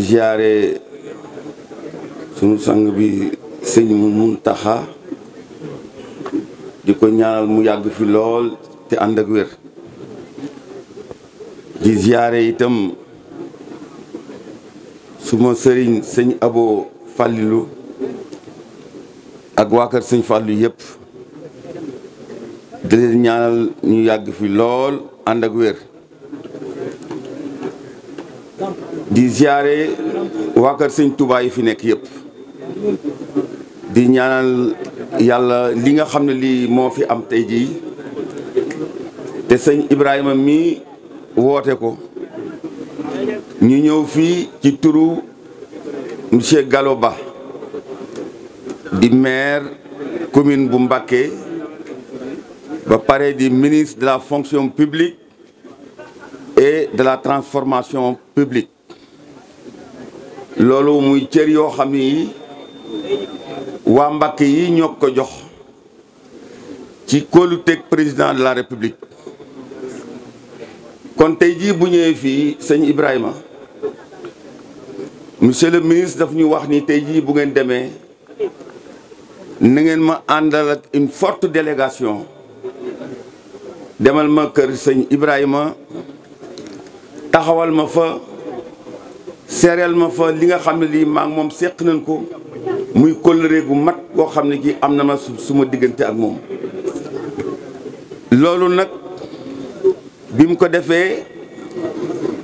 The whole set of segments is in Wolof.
ziyaare sunu sang bi sëñ Muntaxa di ko ñaanal mu yàgg fi lool te ànd wér di itam suma sëriñ sëñ Abo Fàllilu ak waa kër sëñ Fàllu yëpp di leen ñaanal ñu yàgg fi lool ànd ak wér di ziare waa kër sëñ Touba yi fi nekk yëpp di ñaanal yàlla li nga xam ne lii moo fi am tey jii te sëñ Ibrahima mi woote ko ñu ñëw fii ci turu monsieur Gallo Ba di maire commune bu Mbacké ba pare di ministre de la fonction publique et de la transformation publique loolu muy cër yoo xam ni waa mbakk yi ñoo ko jox ci kóoluteg président de la république kon tey jii bu ñëwee fii sëñ Ibrahima monsieur le ministre daf ñu wax ni tey jii bu ngeen demee na ngeen ma àndal ak une forte délégation demal ma kër sëñ Ibrahima taxawal ma fa. seereel ma fa li nga xam ne lii maa moom seq nañ ko muy kóllëre bu mat koo xam ne gi am na ma su suma diggante ak moom loolu nag bi mu ko defee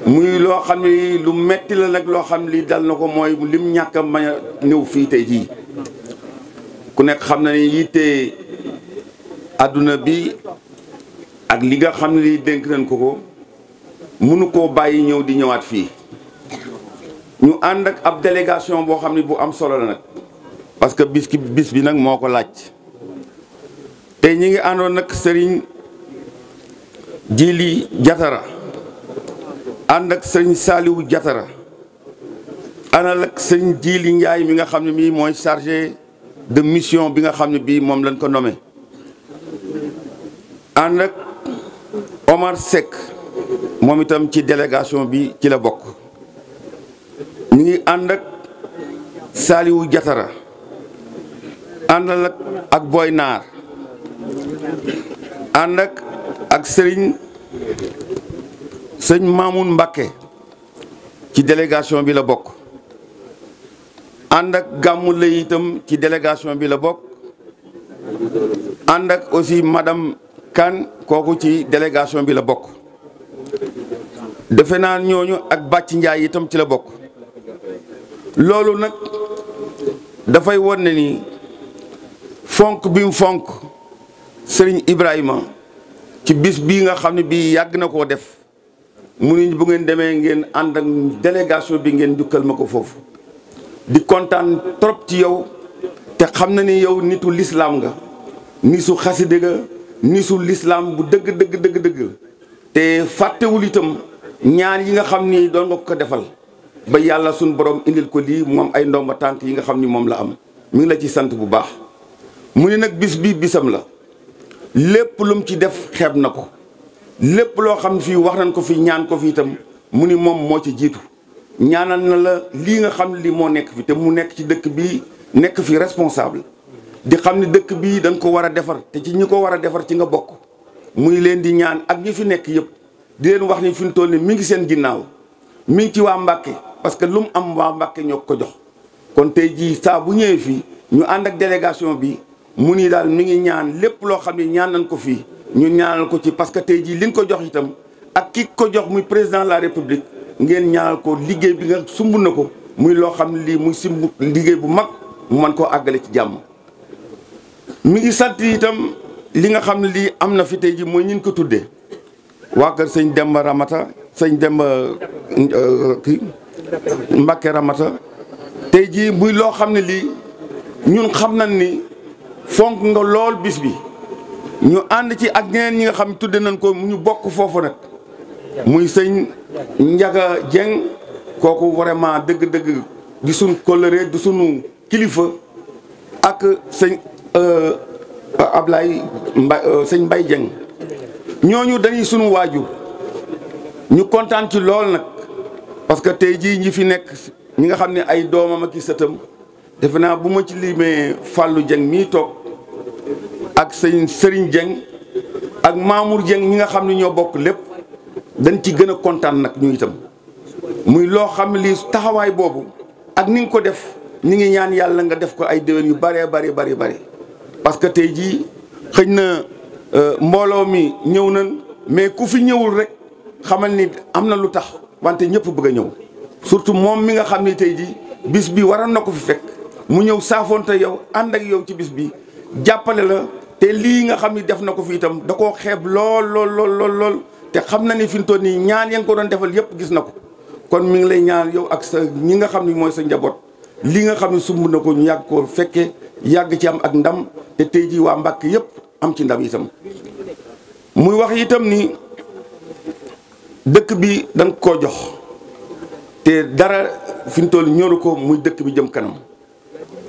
muy loo xam ne lu metti la nag loo xam lii dal na ko mooy lim ñàkk a ma ñëw fii tey jii ku nekk xam na ne yitte àdduna bi ak li nga xam ne lii dénk nañ ko ko mënu koo bàyyi ñëw di ñëwaat fii ñu ànd ak ab délégation boo xam ne bu am solo la nag parce que bis ki bis bi nag moo ko laaj te ñi ngi àndoon nag sëriñ Jili Jatara ànd ak sëriñ Saliou Jatara àndal ak sëriñ Jili Njaay mi nga xam ne mii mooy chargé de mission bi nga xam ne bii moom lañ ko nommé ànd ak Omar Seck moom itam ci délégation bi ci la bokk ngi ànd ak Saliou Jatara àndal ak ak Boy Naar ànd ak sëriñ sëñ Mamoun Mbakke ci délégation bi la bokk ànd ak itam ci délégation bi la bokk ànd aussi madame kan kooku ci délégation bi la bokk defe naa ñooñu ak bàcc njaay itam ci la bokk loolu nag dafay won ne ni fonk bi fonk sëriñ Ibrahima ci bis bi nga xam ne bii yàgg na koo def mu ni bu ngeen demee ngeen ànd ak délégation bi ngeen jukkal ma ko foofu di kontaan trop ci yow te xam na ni yow nitu lislaam nga nisu xaside nga nisu lislaam bu dëgg dëgg dëgg dëgg te fàttewul itam ñaan yi nga xam ni doon nga ko defal ba yàlla suñ borom indil ko lii moom ay ndomba tànk yi nga xam ni moom la am mu ngi la ci sant bu baax mu ni nag bis bi bisam la lépp lum ci def xeeb na ko lépp loo xam fii wax nañ ko fi ñaan ko fi itam mu ni moom moo ci jiitu ñaanal na la lii nga xam li moo nekk fi te mu nekk ci dëkk bi nekk fi responsable di xam ni dëkk bii dañ ko war a defar te ci ñi ko war a defar ci nga bokk muy leen di ñaan ak ñi fi nekk yëpp di leen wax ni fi mu toll mi ngi seen ginnaaw parce que lu mu am waa Mbàkke ñoo ko jox kon tey jii saa bu ñëwee fii ñu ànd ak délégation bi mu nii daal mu ngi ñaan lépp loo xam ne ñaan nañ ko fii ñu ñaanal ko ci parce que tey jii li nga ko jox itam ak kii ko jox muy président la république ngeen ñaanal ko liggéey bi nga sumb na ko muy loo xam ne lii muy simb liggéey bu mag mu mën koo àggale ci jàmm mi ngi sant itam li nga xam ne lii am na fi tey jii mooy ñin ko tuddee waa kër sëñ Demba Ramata sëñ Demba euh, euh, kii Mbacké Ramata tey jii muy loo xam ne lii ñun xam nañ ni fonk nga lool bis bi ñu ànd ci ak ñeneen ñi nga xam tudde nañ ko ñu bokk foofu nag muy sëñ Njaga Jeng kooku vraiment dëgg-dëgg di suñ coloré di sunu kilifa ak sëñ euh, ab Mbaye euh, sëñ Mbaye Jeng ñooñu dañuy sunu waajur ñu kontaan ci lool nag parce que tey jii ñi fi nekk ñi nga xam ne ay doomam ak i sëtam defe naa bu ma ci limee fàllu Dieng mii toog ak sëñ Serigne Dieng ak Mamour Dieng ñi nga xam ne ñoo bokk lépp dañ ci gën a kontaan nag ñu itam muy loo xam li taxawaay boobu ak ni ko def ñi ngi ñaan yàlla nga def ko ay déwén yu bëree bëri bëri bëri parce que tey jii xëñ na euh, mbooloo mi ñëw nañ mais ku fi ñëwul rek xamal ni am na lu tax wante ñëpp bëgg a ñëw surtout moom mi nga xam ni tey jii bis bi waroon na ko fi fekk mu ñëw saafoonte yow ànd ak yow ci bis bi jàppale la te lii nga xam ni def na ko fi itam da koo xeeb lool lool lool te xam na ni fi mu toll nii ñaan ya nga ko doon defal yëpp gis na ko kon mi ngi lay ñaan yow ak sa ñi nga xam ni mooy sa njaboot li nga xam ni sumb na ko ñu yàgg koo fekkee yàgg ci am ak ndam te tey jii waa Mbàkke yëpp am ci ndam itam muy wax itam ni. dëkk bi danga koo jox te dara fi ñu toll ñoru ko muy dëkk bi jëm kanam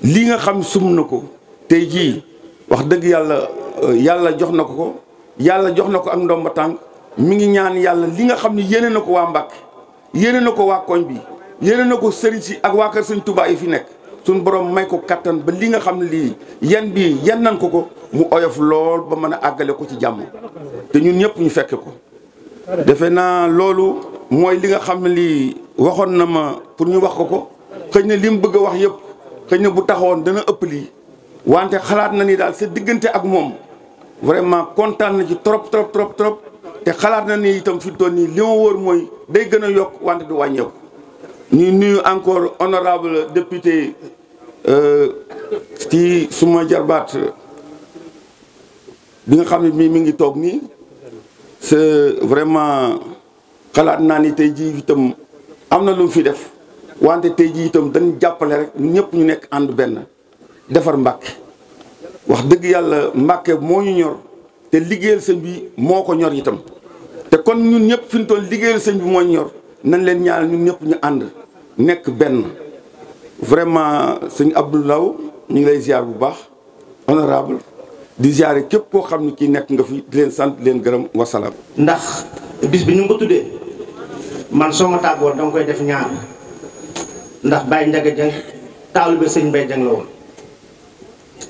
lii nga xam sum na ko tey jii wax dëgg yàlla euh, yàlla jox na ko ko yàlla jox na ko ak ndomba tànk mu ngi ñaan yàlla li nga xam ni yéene na ko waa Mbàkke yéene na ko waa koñ bi yeneen na ko sëriñ si ak waa kër sañ Tuubaa yi fi nekk suñ borom may ko kàttan ba li nga xam ne lii yan bii yan nan ko ko mu oyof lool ba mën a àggale ko ci jàmm te ñun ñëpp ñu fekke ko defe naa loolu mooy li nga xam ne lii waxoon na ma pour ñu wax ko ko xëy na li mu bëgg a wax yëpp xëy na bu taxawoon dana ëpp lii wante xalaat na ni daal sa diggante ak moom vraiment kontaan na ci trop trop trop trop te xalaat na ni itam fi toll nii li ma wóor mooy day gën a yokk wante du wàññeeku. ñu nuyu encore honorable député euh, ci suma jarbaat bi nga xam ne mii mi ngi toog nii. c'est vraiment xalaat naa ni tey jii itam am na lu mu fi def wante tey jii itam dañ jàppale rek ñëpp ñu nekk ànd benn defar Mbàkke wax dëgg yàlla Mbàkke moo ñu ñor te liggéeyal sëñ bi moo ko ñor itam te kon ñun ñëpp fi ñu toll liggéeyal sëñ bi moo ñu nañ leen ñaanal ñun ñëpp ñu ànd nekk benn vraiment sëñ Abdoulaye ñu ngi lay ziar bu baax honorable di ziare képp koo xam ne kii nekk nga fi di leen sant leen gërëm wasalaam. ndax bis bi ñu nga ko tuddee man soo ma tàggoon danga koy def ñaar ndax Baye Ndiaga taalu bi sëñ Mbaye Dieng la woon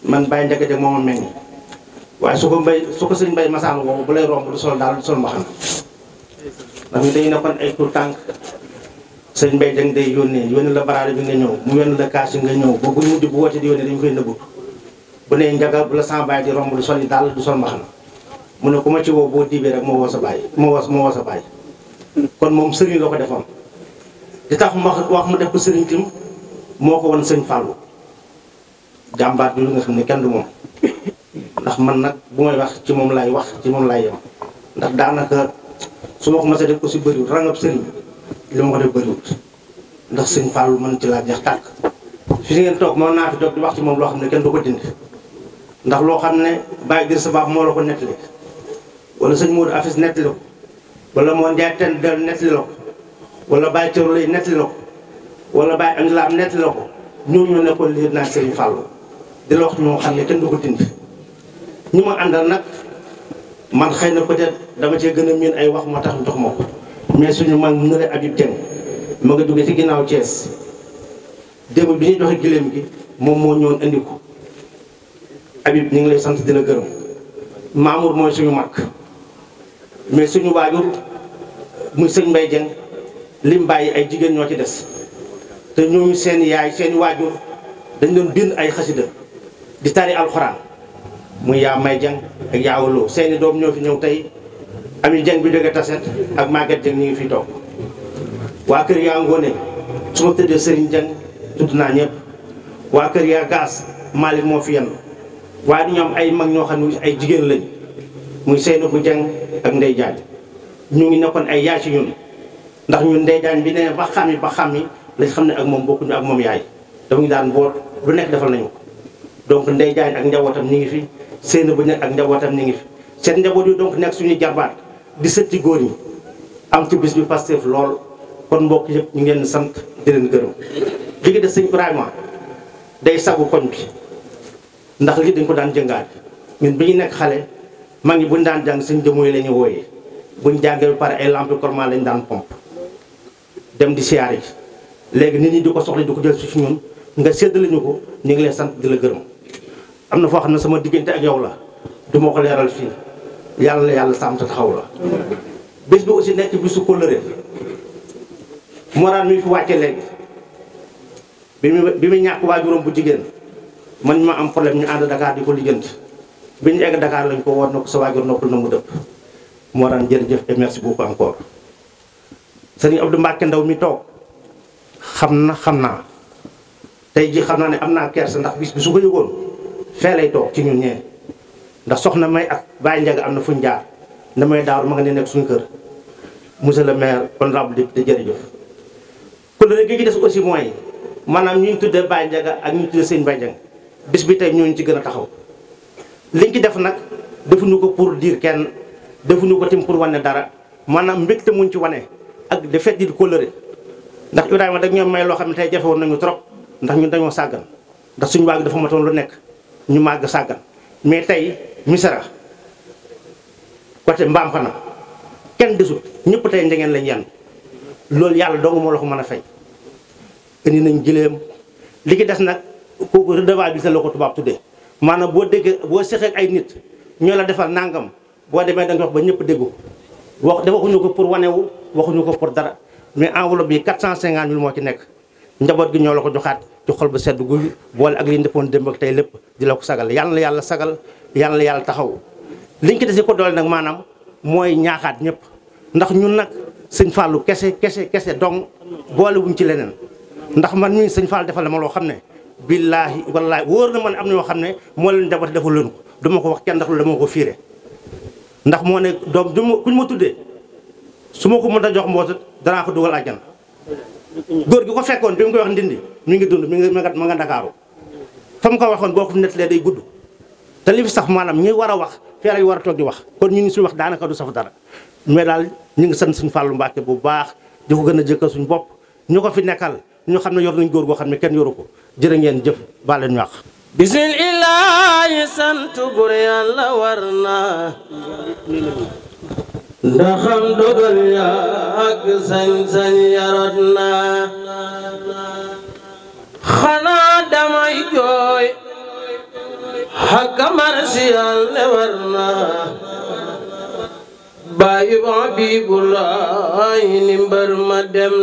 man Baye Ndiaga Dieng moo ma meññ waaye su ko mbay su ko sëñ Mbaye masaan woowu bu lay romb du sol daal du sol mbaxana ndax ñu dañu nekkoon ay pour tànk sëñ Mbaye Dieng day yónnee yónnee la baraade bi nga ñëw mu yónnee la kaas yi nga ñëw boobu mujj bu wootee di yónnee dañu koy bu ne njaga bu la sama baay di romb du sol yi daal du sol mbaxana mu ne ku ma ci woo boo diibee rek moo woo sa baay moo woo moo woo sa baay kon moom sëriñ la ko defoon di tax mu wax wax mu def sëriñ tim moo ko won sëñ Fallou jàmbaar bi lu nga xam ne kenn du moom ndax man nag bu may wax ci moom laay wax ci moom laay yem ndax daanaka su ma ko mos a def ko si bëriwul rangab sëriñ li ma ko def bëriwul ndax sëñ Fallou mën ci laa jeex tàkk fi ngeen toog moo naa fi di wax ci moom loo xam ne kenn du ko dindi ndax loo xam ne bàyyi dir sa baax moo la ko nettali wala sëñ Modou Afis nettali ko wala moo Ndiaye ten del nettali ko wala bàyyi Thior lay nettali la ko wala bàyyi Amdi Lam nettali la ko ñooñu ñoo nekkoon liir naa Serigne Fallou di la wax ñoo xam ne kenn du ko ñu ma àndal nag man xëy na peut dama cee gën a miin ay wax moo tax ndox ma ko mais suñu mag nële Habib Dieng ma nga jóge ci ginnaaw cees démb bi ñuy joxe giléem gi moom moo ñëwoon indi Habib ñu ngi lay sant dina gërëm Mamour mooy suñu mag mais suñu waajur muy sëñ Mbaye Dieng lim bàyyi ay jigéen ñoo ci des te ñooñu seen yaay seen waajur dañ doon bind ay xasida di tari alxuraan muy yaa May Dieng ak yaa seeni doom ñoo fi ñëw tey Ami Dieng bi jógee Taset ak Maguette Dieng ñu ngi fi toog waa kër yaa Ngone su ma tëddee Serigne Dieng tudd naa ñëpp waa kër yaa Gaas Malick moo fi yenn waaye ñoom ay mag ñoo xam ne ay jigéen lañ muy Seynabou Dieng ak Ndeye ñu ngi nekkoon ay yaay ci ñun ndax ñu Ndeye bi nee ba xami ba xami lañ xam ne ak moom bokkuñu ak moom yaay dafa ñu daan boot lu nekk defal nañu ko donc Ndeye Diagne ak njabootam ñu ngi fi bu Dieng ak njabootam ñu ngi fi seen njaboot yi donk nekk suñuy jabaat di sëtti góor ñi am ci bis bi Pastef lool kon mbokk yëpp ñu ngeen sant di leen gërëm léegi de sëñ Ibrahima day sagu koñ bi ndax lii dañ ko daan jëngaat ñun bi ñu nekk xale mag ñi buñ daan jàng sëñ jëmooy la ñu wooyee buñ jàngee ba pare ay lampe korma lañu daan pomp dem di siyaare ji léegi nit ñi di ko soxla di ko jël si ñun nga séddale ñu ko ñu ngi lay sant di la gërëm am na foo xam ne sama diggante ak yow la du ma ko leeral fii yàlla na yàlla sàmm te taxaw la. bés bi aussi nekk bisu kóllëre moraan mi fi wàcce léegi bi mu bi mu ñàkk waajuram bu jigéen. man ma am problème ñu ànd Dakar di ko lijjanti bi ñu egg Dakar lañ ko woon na ko sa waajur noppal na mu dëpp moo daan jërëjëf et merci beaucoup encore sëriñ Abdou ndaw mi toog xam na xam naa tey ji xam naa ne am naa kersa ndax bis bi su ko yëgoon fee lay toog ci ñu ñee ndax soxna may ak bàyyi njaga am na fuñ jaar may daaru ma nga ne nekk suñu kër monsieur le maire honorable député jërëjëf kon léegi gi des aussi mooy maanaam ñu tuddee bàyyi njaga ak ñu tuddee sëñ bàyyi njaga bis bi tey ñooñu ci gën a taxaw liñ ci def nag defuñu ko pour diir kenn defuñu ko tim pour wane dara maanaam mbégte muñ ci wane ak de fet di kóllëre ndax Ibrahima dag ñoom may loo xam ne tey jafe woon nañu trop ndax ñun dañoo sàggan ndax suñu waag dafa matoon lu nekk ñu màgg sàggan mais tey misara côté mbaam xana kenn desut ñëpp tey njegeen lañ yan loolu yàlla dong moo la ko mën a fay indi nañ gileem li ci des nag kooku redevabilité la ko tubaab tuddee maanaam boo déggee boo seqee ay nit ñoo la defal nangam boo demee da nga ba ñëpp déggu wax da waxuñu ko pour wanewu waxuñu ko pour dara mais enveloppe bi 450 mille moo ci nekk njaboot gi ñoo la ko joxaat ci xol ba sedd guy boole ak li ñu démb ak tey lépp di la ko sagal yàlla na yàlla sagal yàlla na yàlla taxaw liñ ko desi ko doole nag maanaam mooy ñaaxaat ñëpp ndax ñun nag sëñ Fallou kese kese kese dong boole wuñ ci leneen ndax man mii sëñ Fall loo xam billaahi wallaahi wóor na man am na ñoo xam ne moo leen defal defal leen ko dama ko wax kenn ndax lu dama ko fiire ndax moo ne doom du ma kuñ ma tuddee su ma ko mën a jox mboota danaa ko dugal àjjana góor gi ko fekkoon bi koy wax ndindi mi ngi dund mi ngi ma nga ndakaaru fa ko waxoon boo ko fi day gudd te li sax maanaam ñi war a wax fee lañ war a toog di wax kon ñu ngi suñu wax daanaka du saf dara mais daal ñu ngi sant suñu Fallou Mbacke bu baax di ko gën a jëkkal suñu bopp ñu ko fi nekkal ñu xam ne yor nañ góor goo xam ne kenn yoru ko jërë ngeen jëf baal leen ñu wax bismillaahi sant bur yàlla ndaxam dogal ya ak sañ-sañ yarot xanaa damay jooy xakka marsiyaal ne war na bàyyi ba biibulaayi ni mbër ma dem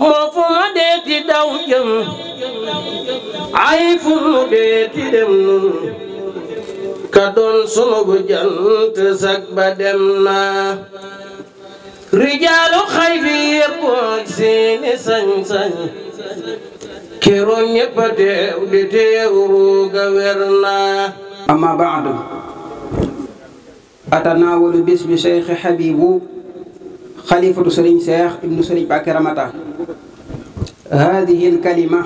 moo fu ma deeti daw jëm ay fu nu deeti dem nun ka doon sunu bu jant sak ba dem na rijaalu xay fi yépp ak seeni sañ-sañ keroog ñëpp a teew di teew ruuga baadu atanaawalu bis bi cheikh habibu xalifatu sëriñ Cheikh ibnu sëriñ Mbàkke Ramata hadihi alkalima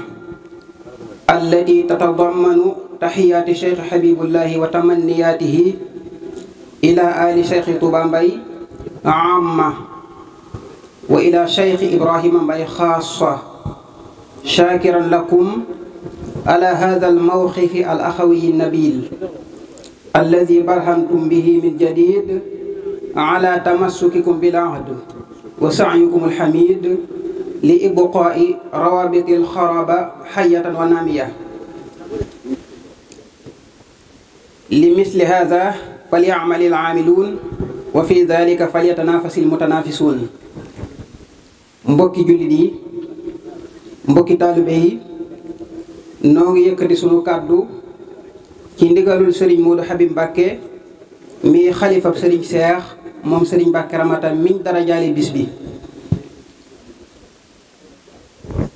allati tatadammanu taxiyaati Cheikh Habibullahi wa tamanniyaatihi ila ali Cheikh Touba Mbaye amma wa ila Cheikh Ibrahima Mbaye xaasa shakiran lakum ala hada almawqifi alaxawiyi nabil alladi barhamtum bihi min jadid ala tamassukikum bil ahd wa saayukum alxamid li ibqaai rawabiti alxaraba xayatan wa naamiya li misli hada falyacmal alcaamiluun wa fi dalika falyatanaafasi almutanaafisuun mbokki jullit yi mbokki taalibe yi noo ngi yëkkati sunu kàddu ci ndigalul sëriñ Moodu Habib Mbàkke mi xalifab sëriñ Seex moom sëriñ Mbàkke Ramata miñ dara jaale bis bi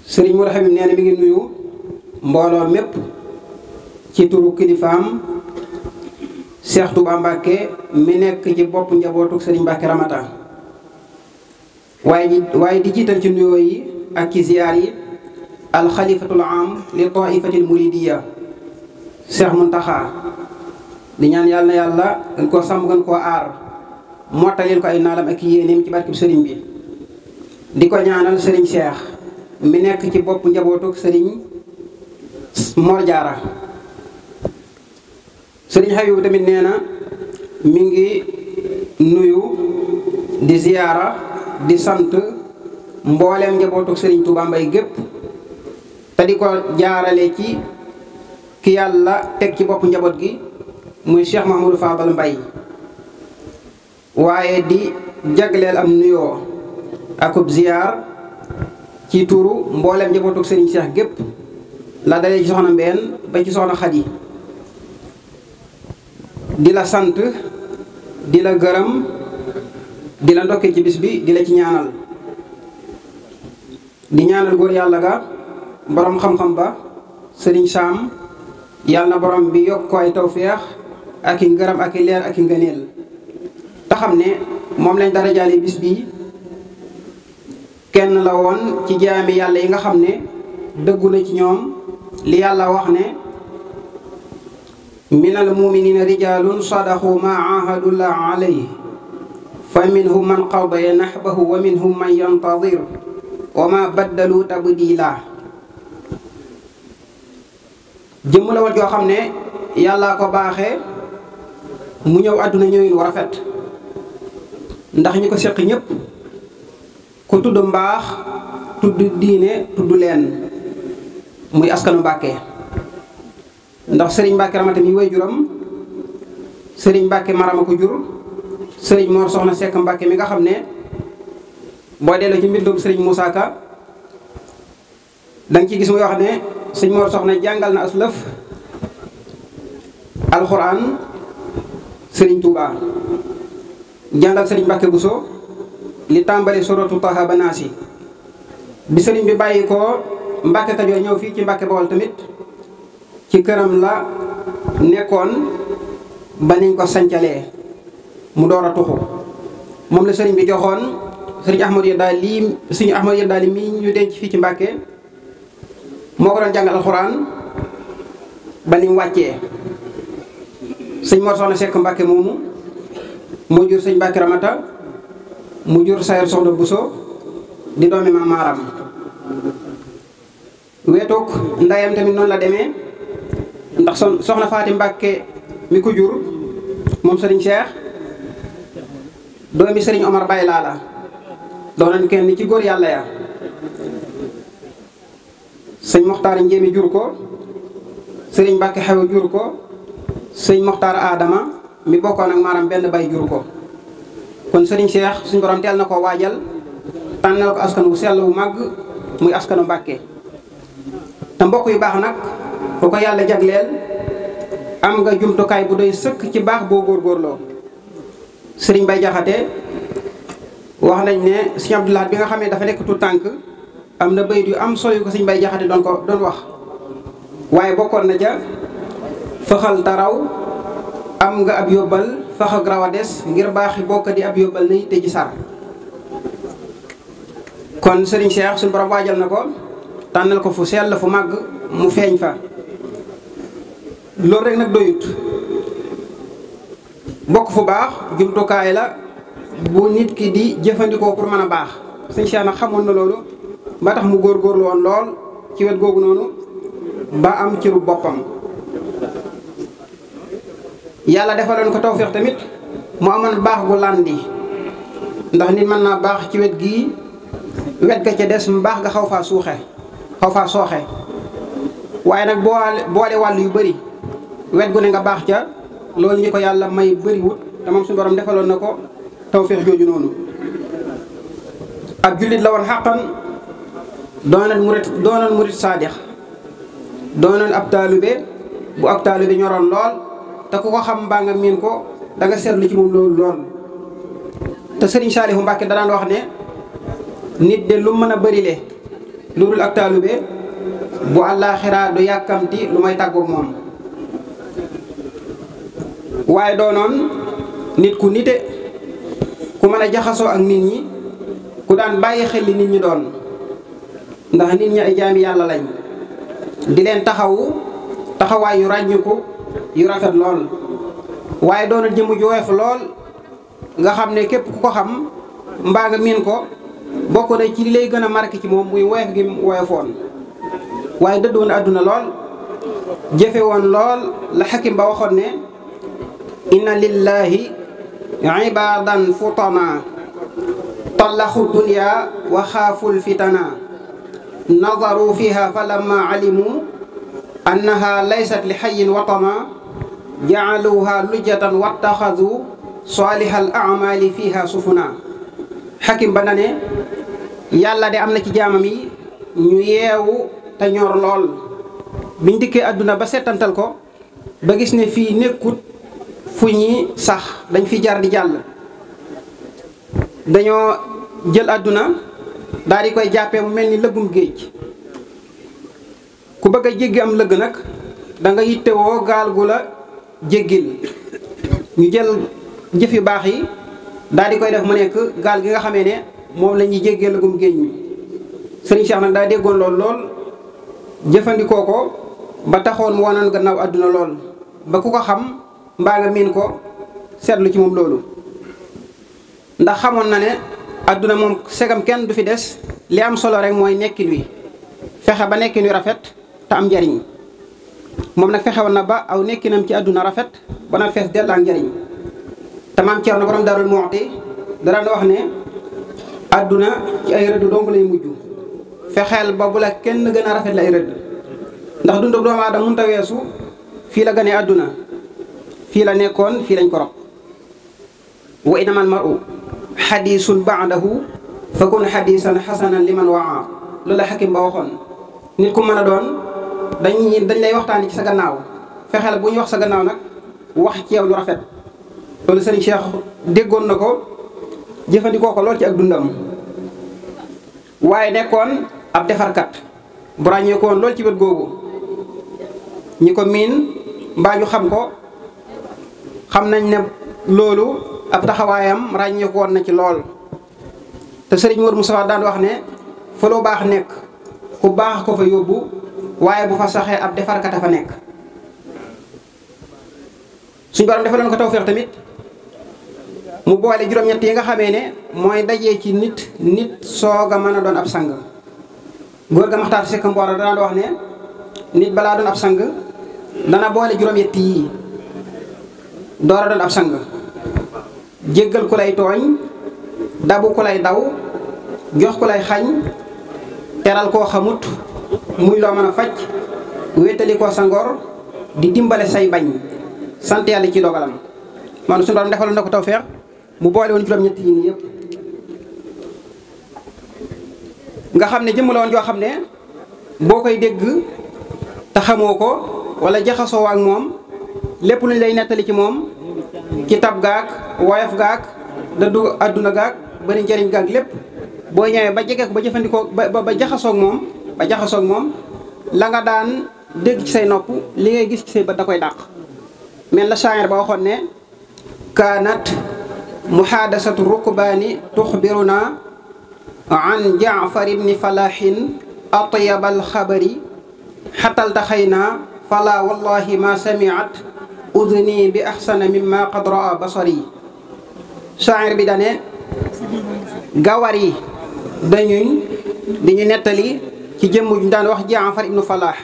sëriñ Mourou Habib nee na mi ngi nuyu mbooloo mépp ci turu kilifaam Cheikh Touba Mbàkke mi nekk ci bopp njabootu sëriñ Mbàkke Ramata waaye di waaye di jiital ci nuyoo yi ak ci ziyaar yi alxalifatul am li taifatil muridiya Cheikh Muntaxa di ñaan yàlla na yàlla gën koo sàmm gën koo aar mottaleen ko ay naalam ak yéeneem ci barkeb sëriñ bi di ko ñaanal sëriñ Cheikh mi nekk ci bopp njabootuk sëriñ Mor jaara sëriñ Habibou tamit nee na mi ngi nuyu di ziyaara di sant mbooleem njabootuk sëriñ Touba Mbaye gépp te di ko jaarale ci ki yàlla teg ci bopp njaboot gi muy Cheikh Mahamadou Fadal Mbaye waaye di jagleel am nuyoo akub ziyaar ci turu mbooleem njabootug sëriñ Seex gépp la dalee ci soxna Mbeen ba ci soxna Xadi di la sant di la gërëm di la ndokkee ci bis bi di la ci ñaanal di ñaanal góor yàlla ga boroom xam-xam ba sëriñ sam yàlla na borom bi yokk ko ay tawféex ak i ngërëm ak i leer ak i ngëneel nga xam ne moom lañ dara jaale bis bii kenn la woon ci jaami yàlla yi nga xam ne dëggu na ci ñoom li yàlla wax ne minal muminina rijalun sadaqu ma ahadullah alayhi fa minhum man qadaya nahbahu wa minhum man yantadir wa ma baddalu tabdila jëmm la woon joo xam ne yàllaa ko baaxe mu ñëw àdduna ñëwin war ndax ñi ko seq ñépp ku tudd mbaax tudd diine tudd leen muy askanu Mbàkke ndax sëriñ Mbàkke ramata mi way juram sëriñ Mbàkke marama ko jur sëriñ Mor Soxna sekk Mbàkke mi nga xam ne boo delloo ci mbindum sëriñ Moussa Ka da nga gis muy wax ne sëñ Mor Soxna jàngal na aslëf alxuraan sëriñ Touba. jàngal sëriñ Mbàkke Buso li tàmbali suratu Taha ba Naasi bi sëriñ bi bàyyi ko Mbàkke Kajoor ñëw fii ci Mbàkke Bawol tamit ci këram la nekkoon ba niñ ko sancalee mu door a tuxu moom la sëriñ bi joxoon sëriñ Ahmadu Yadaali lii sëriñ Ahmadu Yadaali mii ñu denc fii ci Mbàkke moo ko doon jàngal alxuraan ba niñ wàccee sëñ Mor Soxna Sekk Mbàkke moomu mu jur sëñ Mbàkke Ramata mu jur Sayar Soxna Buso di doomi maam Maaram weetoog ndayam tamit noonu la demee ndax soxna Faati Mbàkke mi ko moom sëriñ Cheikh doomi sëriñ Omar Bay laa la doonoon kenn ci góor yàlla ya sëñ Moxtaar Njéemi jur ko sëriñ Mbàkke Xew jur ko sëñ Moxtaar aadama mi bokkoon ak maanaam benn bay juru ko kon sëriñ Cheikh suñu borom teel na koo waajal tànnal ko askan wu sell wu màgg muy askanu Mbàkke te mbokk yu baax nag bu ko yàlla jagleel am nga jumtukaay bu doy sëkk ci baax boo góorgóorloo sëriñ Bay Jaxate wax nañ ne sëriñ Abdou Lahad bi nga xamee dafa nekk tout tànk am na bayit yu am solo yu ko sëriñ Bay Jaxate doon ko doon wax waaye bokkoon na ca fëxal taraw am nga ab yóbbal fax ak rawades ngir baaxi bokk di ab yóbbal nay te ci sar kon sëriñ Cheikh suñu borom waajal na ko tànnal ko fu la fu màgg mu feeñ fa loolu rek nag doyut bokk fu baax jumtukaay la bu nit ki di jëfandikoo pour mën a baax sëriñ Cheikh nag xamoon na loolu ba tax mu góor woon lool ci wet googu noonu ba am ci boppam yàlla defaloon ko tawféex tamit mu amoon baax gu landi ndax nit mën naa baax ci wet gi wet ga ca des mbaax nga xaw fa suuxe xaw faa sooxe waaye nag boole wàll yu bari wet gu ne nga baax ca loolu ñi ko yàlla may bëriwut te moom suñu borom defaloon na ko tawféex jooju noonu ab jullit la woon xàqan doonoon murit doonoon murit saadix doonoon ab taalube bu ab taalube ñoroon lool te ku ko xam mbaa nga miin ko danga seetlu ci moom loolu lool te sëriñ Saalihu Mbàkke danaan wax ne nit de lu mën a barile lu dul ak taalube bu àllaaxira du yàkkamti lu may tàggoog moom waaye doonoon nit ku nite ku mën a jaxasoo ak nit ñi ku daan bàyyi xel li nit ñi doon ndax nit ñi ay jaami yàlla lañ di leen taxawu taxawaay yu ràññiku yu rafet lool waaye doon jëmm ju woyof lool nga xam ne képp ku ko xam mbaa nga miin ko bokk na ci li lay gën a marqué ci moom muy woyof gi woyofoon waaye dëdd àdduna lool jëfe woon lool la xakim ba waxoon ne inna lillahi ibadan futana tallaxu dunya wa xaaful fitana nazaru fiha fa lamma alimu annaha laysat li xayin watana jaaluha lujjatan wattaxadu saalihal amali fiha sufuna xakim ba na ne yàlla de am na ci jaamam yi ñu yeewu te ñor lool biñ dikkee àdduna ba setantal ko ba gis ne fii nekkut fu ñi sax dañ fi jar di jàll dañoo jël àdduna daal di koy jàppee mu mel ni lëggum géej ku bëgg a jéggi am lëgg nag da nga yittewoo gaal gu la jéggil ñu jël jëf yu baax yi daal di koy def mu nekk gaal gi nga xamee ne moom lañuy ñuy jéggalagum géej mi sëriñ Cheikh nag daa déggoon lool lool jëfandikoo ko ba taxoon mu wanoon gannaaw àdduna lool ba ku ko xam mbaa nga miin ko seetlu ci moom loolu ndax xamoon na ne àdduna moom segam kenn du fi des li am solo rek mooy nekkin wi fexe ba nekkin wi rafet te am njariñ moom na fexewoon na ba aw nekkinam ci àdduna rafet ba na fees dell ak njariñ te na Cerno borom Daarul Muxti dara na wax ne àdduna ci ay rëdd dong lay mujj fexeel ba bu la kenn gën a rafet la ay rëdd ndax dundu doomu aadama mënut weesu fii la gane àdduna fii la nekkoon fii lañ ko rob wa inamal maru xadiisun baadahu fa kun xadiisan xasanan liman waa loolu la xakim ba waxoon nit ku mën a doon dañuy dañ lay waxtaani ci sa gannaaw fexeel bu ñu wax sa gannaaw nag wax ci lu rafet loolu sëriñ Cheikh déggoon na ko jëfandikoo ko lool ci ak dundam waaye nekkoon ab defarkat bu ràññee lool ci wet googu ñi ko miin mbaa ñu xam ko xam nañ ne loolu ab taxawaayam ràññeekoon na ci lool te sëriñ mu Moussa daan wax ne fa lu baax nekk ku baax ko fa yóbbu waaye bu fa saxee ab defarkat a fa nekk suñu borom defaloon ko tawféex tamit mu boole juróom-ñett yi nga xamee ne mooy dajee ci nit nit soog a mën a doon ab sang góor ga maxtaar sekk mboora dana wax ne nit balaa doon ab sang dana boole juróom-ñett yii door a doon ab sang jéggal ku lay tooñ dabu ku lay daw jox ku lay xañ teral koo xamut muy loo mën a faj wéetali ko sa ngor di dimbale say bañ sant yàlla ci dogalam man suñu borom defaloon na ko tawfeex mu boole woon juróom-ñett yi nii yëpp nga xam ne jëmm la woon joo xam ne boo koy dégg te xamoo ko wala jaxasoo ak moom lépp luñ lay nettali ci moom ci tab gaag woyof gaag da dugg àdduna gaag bari njëriñ gaag lépp boo ñëwee ba jege ko ba jëfandikoo ba ba moom ba jaxasoog moom la nga daan dégg ci say nopp li ngay gis ci say bët da koy dàq mel la shaayir ba waxoon ne kaanat muhaadasatu rukbaani tuxbiruna an jaafar ibni falahin atyaba alxabari xatalta xëy na fala wallahi ma samiat udni bi axsana mimma qad basari shaayir bi dane gawar yi dañuy di ñu nettali ci jëmm ju daan wax Jaafar nu Falaax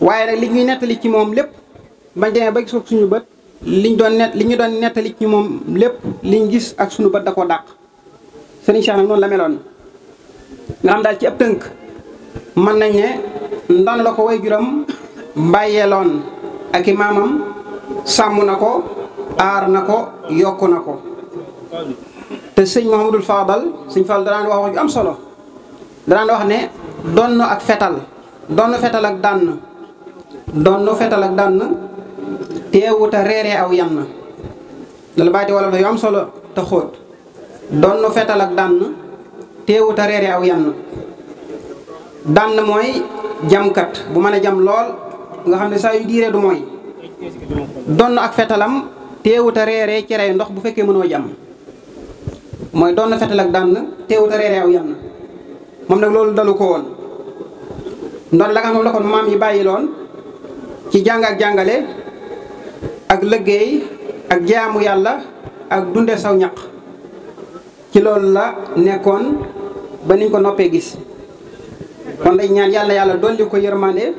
waaye nag li ñuy nettali ci moom lépp bañ demee ba gisul suñu bët liñ doon ñu doon nettali ci moom lépp liñ gis ak suñu bët da koo dàq sëriñ Cheikh nag noonu la meloon nga xam daal ci ab tënk mën nañ ne ndan la ko way juram mbàyyeeloon ak i maamam sàmm na ko aar na ko yokk na ko te sëñ Mouhamadul Fadal sëñ Fall daan wax ju am solo daan wax ne donn ak fetal donn fetal ak dànn donn fetal ak dànn teewut a aw yann dala baati wala fa yu am solo te xóot donn fetal ak dànn teewut a aw yann dànn mooy jamkat bu mën a jam lool nga xam ne saa yu diiree mooy donn ak fetalam teewut a reeree ci ndox bu fekkee mënoo jam mooy donn fetal ak dànn teewut a aw yann moom nag loolu dalu ko woon ndoon la nga moom maam yi bàyyi loon ci jàng ak jàngale ak liggéey ak jaamu yàlla ak dunde saw ñaq ci lool la nekkoon ba niñ ko noppee gis kon dañ ñaan yàlla yàlla dolli ko yërmande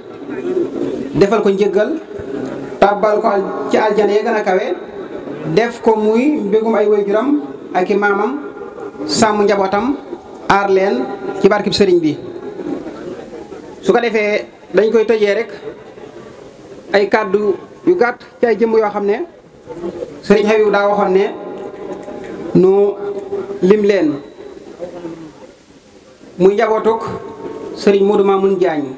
defal ko njëggal tàbbal ko ci aljana ya gën a kawe def ko muy mbégum ay waajuram ak i maamam sàmm njabootam aarleen ci barkib sëriñ bi su ko defee dañ koy tëjee rek ay kàddu yu gàtt ci jëmm yoo xam ne sëriñ Habib daa waxoon ne nu lim leen muy njabootuk sëriñ Modou Mamoun Diagne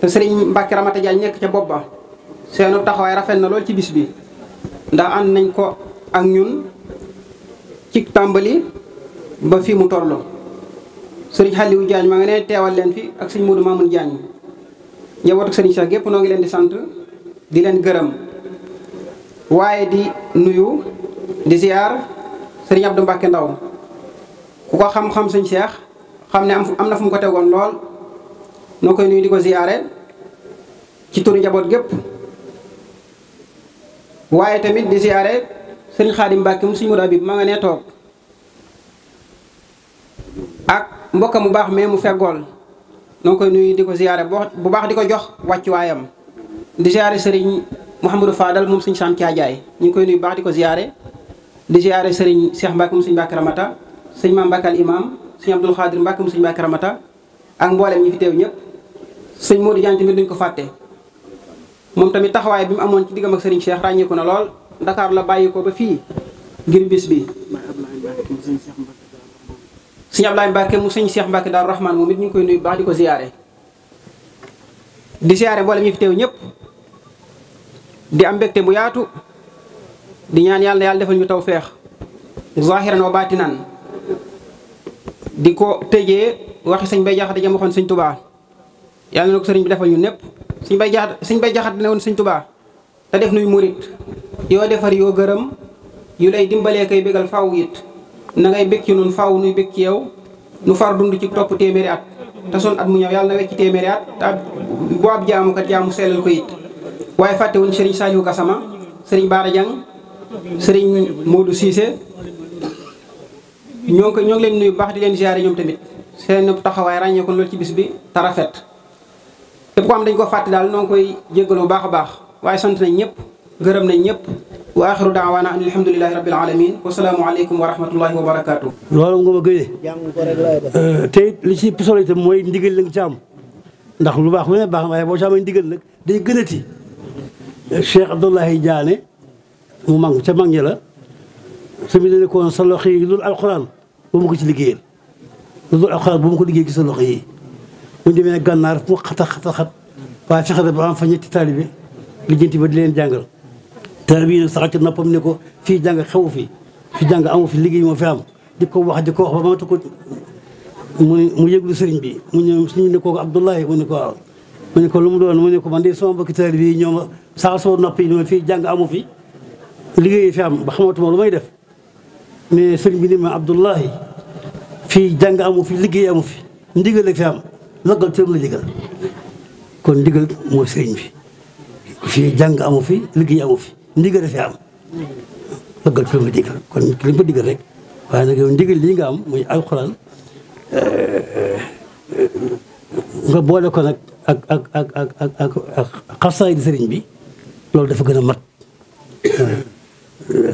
te sëriñ Mbacke Ramata nekk ca bopp ba seenu taxawaay rafet na lool ci bis bi ndax ànd nañ ko ak ñun ci tàmbali ba fi mu toll sëriñ Xaliwu Jaañ maa ngi ne teewal leen fi ak sëriñ Moodu Maamun Jaañ njaboot ak sëriñ Cheikh gépp noo ngi leen di sant di leen gërëm waaye di nuyu di ziar sëriñ du Mbàkke Ndaw ku ko xam-xam sëñ Cheikh xam ne am na fu mu ko tegoon lool noo koy nuyu di ko ziare ci turu njaboot gépp waaye tamit di ziare sëriñ Xaadim Mbàkke mu sëriñ Moodu Abib maa nga ne toog ak mbokkam mu baax mais mu fegool noo ngi koy nuyu di ko ziyaare bu baax di ko jox wàccuwaayam di ziyaare sëriñ Mouhamadou Fadal moom suñ Sam Thiadiaye ñu koy nuyu bu baax di ko ziyaare di ziyaare sëriñ Cheikh Mbacke moom suñ Mbacke Ramata sëñ Maam Mbacke al Imam sëñ Abdoul Khadir Mbacke moom suñ Mbacke Ramata ak mboolem ñi fi teew ñëpp sëñ Modou Diagne tamit duñ ko fàtte moom tamit taxawaay bi mu amoon ci diggam ak sëriñ Cheikh ràññeeku na lool Dakar la bàyyi ko ba fii ngir bis bi sëñ Ablaye Mbacke mu sëñ Cheikh Mbacke Daaru Rahman moom it ñu ngi koy nuyu baax di ko ziyaare di ziyaare mboolem ñi fi teew ñëpp di am mbégte bu yaatu di ñaan yàlla yàlla defal ñu taw feex zahiran wa baatinan di ko tëjee waxi sëñ Bay Jaxate jam waxoon sëñ Tubaa yàlla na ko sëriñ bi defal ñu ñëpp sëñ Bay Jaxate sëñ Bay Jaxate ne woon sëñ Tubaa te def nuy murit yoo defar yoo gërëm yu lay dimbalee koy bégal faw it na ngay bég ci nun faaw nuy bég ci yow nu far dund ci topp téeméeri at te son at mu ñëw yàlla na wecc téeméeri at te bu ab jaamu kat jaamu sellal ko it waaye fàtte wuñ sëriñ Saliou Gassama sëriñ Bara Diang sëriñ Modou Cissé ñoo ngi ko ñoo ngi leen nuyu baax di leen ziare ñoom tamit seen taxawaay ràññeeku loolu ci bis bi te rafet képp ko am dañ ko fàtte daal noo koy jéggal bu baax a baax waaye sant nañ ñëpp gërëm nañ ñëpp wa axiru daawaana an alhamdulilahi rabbil alamin wa salaamu aleykum wa rahmatullahi euh, li ci solo itam mooy ndigal la nga ndax lu baax mu baax waaye boo ci amee ndigal nag day gënati Cheikh Abdoulahi Diané mu mag ca mag ñi la sami dana koon sa loxo yi loolu alxuraan bu ma ko ci liggéeyal loolu alxuraan bu ma ko liggéey ci sa loxo yi bu ñu demee gànnaar fu mu xata xata xat waa fexe ba am fa ñetti taalibe lijjanti ba di leen jàngal taal bii nag saxal ci noppam ne ko fii jàng xewu fi fii jàng amu fi liggéey moo fi am di ko wax di ko wax ba mënatu ko mu mu yëglu sëriñ bi mu ñëw suñu ne kooku Abdoulaye mu ne ko waaw mu ne ko lu mu doon mu ne ko man de sama mbokki taal bii ñoom saxal sama nopp yi fii jàng amu fi liggéey fi am ba xamatuma lu may def mais sëriñ bi ni ma Abdoulaye fii jàng amu fi liggéey amu fi ndigal la fi am laggal tëm la ndigal kon ndigal mooy sëriñ bi fii jàng amu fi liggéey amu fi ndigal dafay am bëggal fi ma digal kon nit ki li ma digal rek waaye nag yow ndigal lii nga am muy alxuraan eh, eh, eh, nga boole ko nag ak ak ak ak ak ak ak xasaay di sëriñ bi loolu dafa gën a mat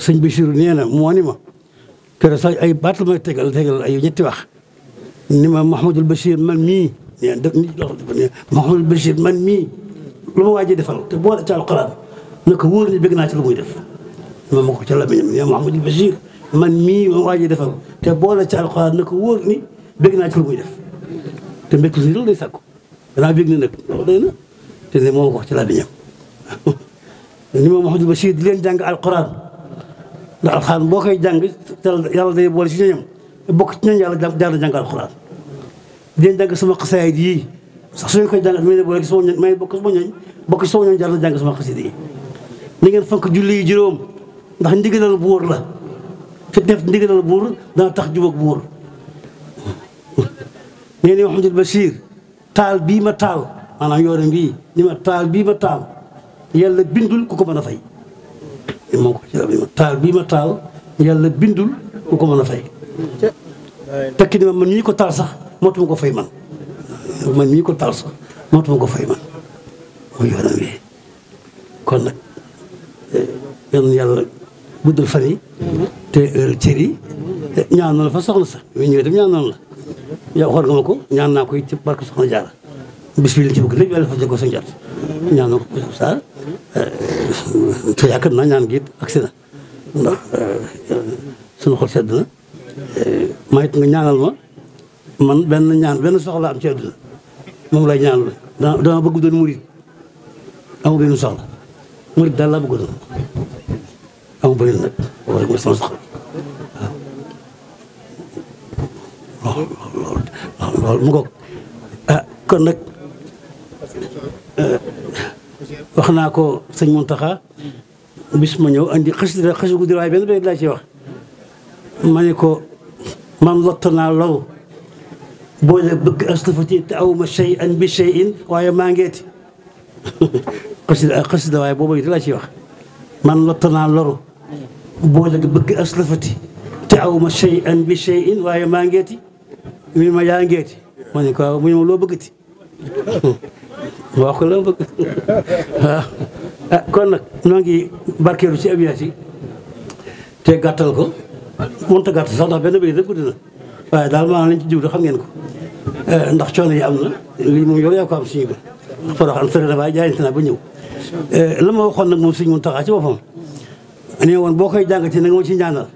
sëñ Bachirou nee na moo ni ma keroog sax ay baat la may tegal tegal ay ñetti wax ni ma Mouhamadul Bachir man mii nee na def nit loxo dafa ne Mouhamadul Bachir man mii lu ma waaj a defal te boole ci alxuraan na ko wóor ne bëgg naa ci lu muy def ma ma ko ca lamiñam ya Mouhamadul Bachir man mii ma waa ji defal te boole ci alxuraan na ko wóor ni bëgg naa ci lu muy def te mbégte si loolu day sàkku danaa bëgg ne nag loolu day na te ne moo ma ko ci lamiñam ni ma Mouhamadul Bachir di leen jàng alxuraan ndax alxuraan boo koy jàng yàlla day boole ci ñoom bokk ci ñoom yàlla jaar na jàng alxuraan di leen jàng sama xasaayid yii sax suñu koy jàngat may ne boole ci sama ñoñ may bokk sama ñoñ bokk ci sama ñoñ jaar na jàng sama xasaayid yi li ngeen fonk julli yi juróom ndax ndigalal buur la te def ndigalal buur dana tax jubag buur nee ni Mouhamadul bii ma taal maanaam yoonam bii ni ma taal bii ma taal yàlla bindul ku ko mën a fay moom taal bii ma taal yàlla bindul ku ko mën a fay tekki ni ma man ñii ko taal sax mootuma ko fay man man ñii ko taal sax mootuma ko fay man mooy yoonam bii yal na la fa soxna sax yooyu ñëwee tam ñaan la yow xool nga ma ko ñaan naa ko ci barke soxna jaara bis bi li ci bëgg lépp yàlla fa jëkko sa njot ñaan euh, euh, sedd na euh, maa nga ñaanal ma man benn ñaan benn soxla am ci àdduna moom lay ñaanal dama bëgg doon murit amu benn soxla murit daal laa bëgg doon kon nag wax naa ko sëñ Mountakha bis ma ñëw andi xasida xasida guddi waaye benn béykat laa wax ma ne ko man lott naa loru boole bëgg astafati te aw ma bi shay waaye maa ngeeti xasida xasida waaye boobu it laa ciy wax man lott naa boole bëgg aslafati te aw ma shay an bi shay in waaye maa ngeeti mu ne ma yaa ngeeti ma ne ko mu ne ma loo bëggati ma wax ko loo bëgg waaw ah kon nag noo ngi barkeelu ci abiyaat yi te gatal ko mënut a gàttal sax ndax benn bëy rek gudd na waaye daal maa lañ ci jublu xam ngeen ko eh, ndax coono yi am na mu moom yow yaa ko am suñu ba Porokhane sori na waaye jaayante naa ba ñëw eh, la ma waxoon nag moom suñu Muntaxa ci boppam ne woon boo koy jàngatee na nga ma ci ñaanal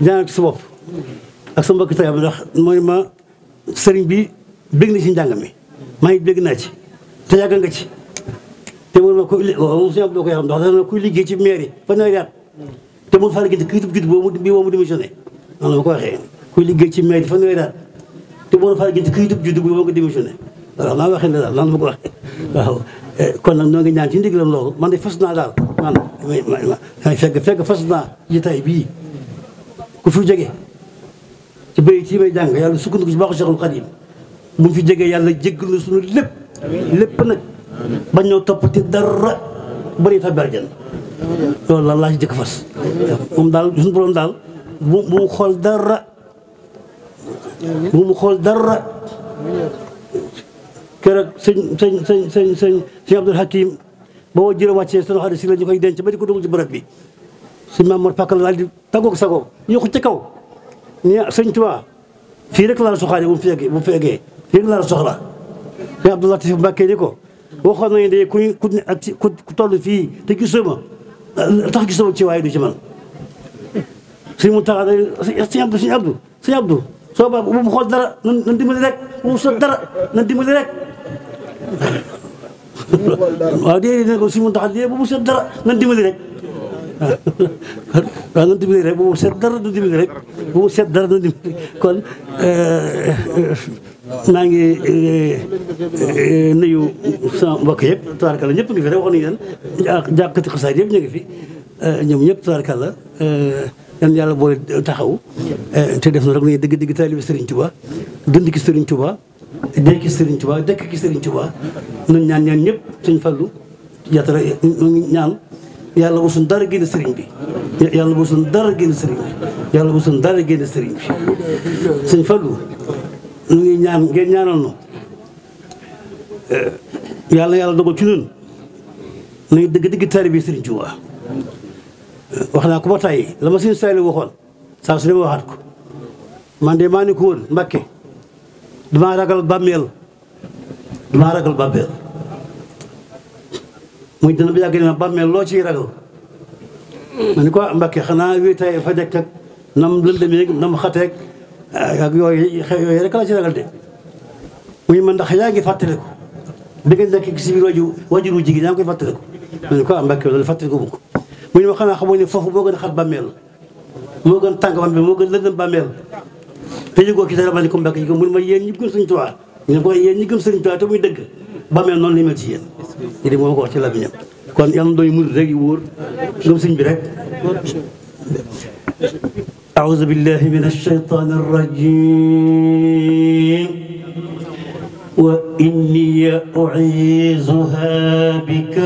ñaanal ci sa bopp ak sa mbokk tayam ndax mooy ma sëriñ bi bég na ci njàng mi maa ngi bég naa ci te yàgg nga ci te mën ma ko suñu ab doo ko yaram kuy liggéey ci mairie fa nawet yaat te mun faa liggéey kiitub judd boobu bii moomu démissionné noonu la ma ko waxee kuy liggéey ci mairie fa nawet yaat te mun faa liggéey kiitub judd bii moomu ko Eh, kon nag noo ngi ñaan ci ndigalam loolu man de fas naa daal man may fekk fekk fas naa ji tay ku fi jóge ci béy ci may jàng yàlla sukkandiku ci baaxu Cheikhul Xadim mu fi jógee yàlla jéggal na suñu lépp lépp nag ba ñoo toppati dara bëri fa bergen loolu la laa ci fas moom daal suñu borom daal mu xool dara bu mu xool dara keroog sëñ sëñ sëñ sëñ sëñ sëñ Abdul Hakim ba woo jërë wàccee sunu si la ñu koy ba di ko dugal ci bërëb bi si Maam Mor Pàkkal daal di tàggoog sagoo ñu ko ci kaw ñu ah, sëñ Tuubaa fii rek laa mu fi eggee bu mu fi eggee fii rek laa la soxla sëñ Abdul Latif Mbàkke ni ko waxoon nañu de ku ku ku toll fii te gisuma tax gisuma ci waaye du ci man mu tax sëñ Abdu sëñ Abdu sëñ bu mu xool dara nan dimbali rek bu mu sol dara nan dimbali rek waaw déedéet ne ko si mun taxat bu mu seet dara nan dimbali rek waaw waaw nan dimbali rek bu mu seet dara nan dimbali mu seet dara nan dimbali kon eh, maa ngi eh, nuyu sama mbokk yëpp tabaarkalla ñëpp ngi fi rek wax nañu leen jàkkati ñu ngi fi eh, ñoom ñëpp tabaarkalla yan yàlla boole taxaw te def na rek nañu dëgg dëgg taalibi Serigne Touba dund ki Serigne Touba dégg ki Serigne Touba dëkk ki Serigne Touba ñaan ñaan ñëpp suñ fallu yatara ñaan yàlla wasuñ suñ dara génn Serigne bi yàlla bu suñ dara génn Serigne ñu ngi ñaan ngeen ñaanal nu eh, yàlla yàlla dogal ci ñun nuy dëgg dëgg taari bi Serigne Touba eh, wax naa ko ba tàyyi la ma suñu sayli waxoon saa su ne ma waxaat ko man de maa ni ko woon Mbàkke damaa ragal bàmmeel damaa ragal bàmmeel muy dana bi yàgg ne ma bàmmeel loo ci ragal ma ni ko ah, Mbàkke xanaa wii tey fa nekk ak nam lëndëmeeg nam xateeg yooy ah, yooyu yooyu rek la ci ragal de muy man ndax yaa ngi fàttaliku bi nga nekk si biir waju wajuru jigéen yaa ngi koy fàttaliku ma ni ko ah, Mbàkke loolu fàttaliku ko mu ne ma xanaa xamoo ne foofu moo gën a xat bàmmeel moo gën tàng bàmmeel moo gën lëndëm bàmmeel te yëgoo ki salaamaaleykum mbàkke yi ko mun ma yéen ñi gëm sëriñ Tuubaa ñu ne ko yéen ñi gëm sëriñ Tuubaa te muy dëgg ba mel noonu la mel ci yéen ñu di moo ko wax ci lamiñam kon yàlla doy murid rek yu wóor gëm sëriñ bi rek أعوذ بالله من الشيطان الرجيم وإني أعيذها بك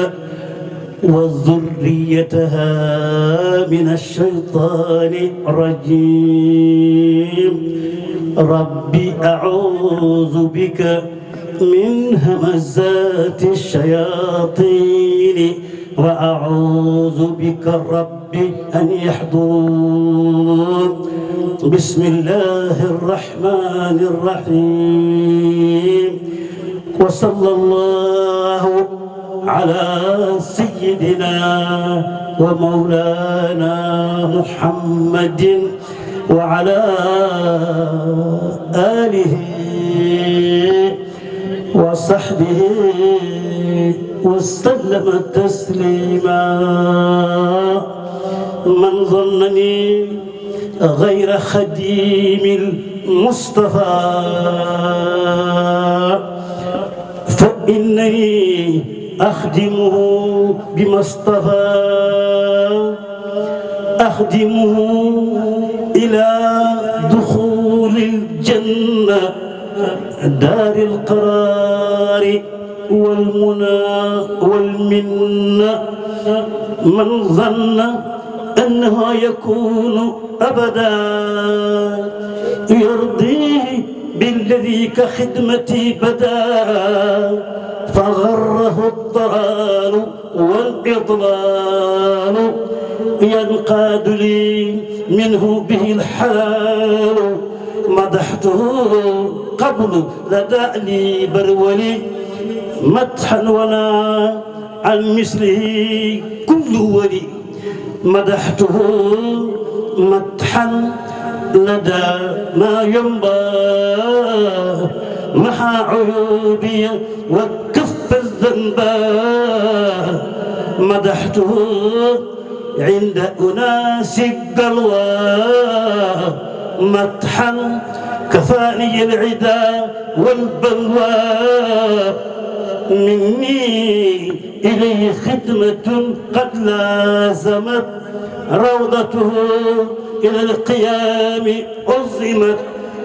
وذريتها من الشيطان الرجيم ربي أعوذ بك من همزات الشياطين وأعوذ بك ربي أن يحضرون بسم الله الرحمن الرحيم وصلى الله على سيدنا ومولانا محمد وعلى آله وصحبه وسلم تسليما من ظنني غير خديم المصطفى فإنني أخدمه بما اصطفى أخدمه إلى دخول الجنة دار القرار والمنى والمنة من ظن أنه يكون أبدا يرضيه بالذي كخدمتي بدا فغره الضلال والإضلال ينقاد لي منه به الحلال مدحته قبل لدعني برولي مدحا ولا عن مثله كل ولي مدحته مدحا ندى ما ينبى محى عيوبي وكف الذنب مدحته عند أناس قلوى مدحا كفاني العدا والبلوى مني إليه خدمة قد لازمت روضته إلى القيام أزمت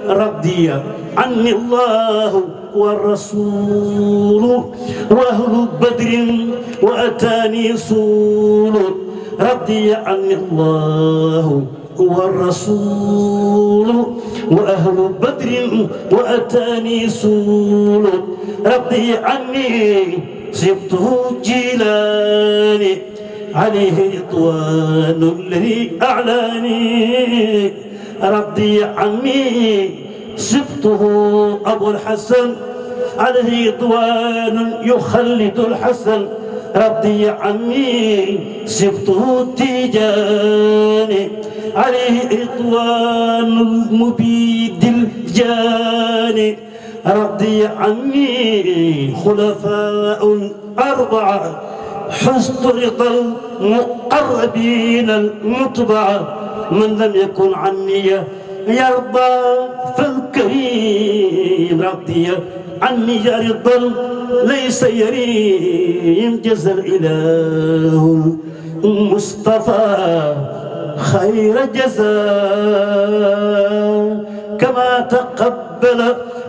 رضي عني الله والرسول وأهل بدر وأتاني صول رضي عني الله والرسول وأهل بدر وأتاني سول ربي عني سبته جيلاني عليه رضوان الذي أعلاني ربي عني سبته أبو الحسن عليه رضوان يخلد الحسن رضي عني سبته التجاني عليه إطوان المبيد الجاني رضي عني خلفاء أربعة حسن رضا المقربين المطبعة من لم يكن عني يرضى فالكريم رضي عني جاري الضل ليس يريم جزا الإله مصطفى خير جزاء كما تقبل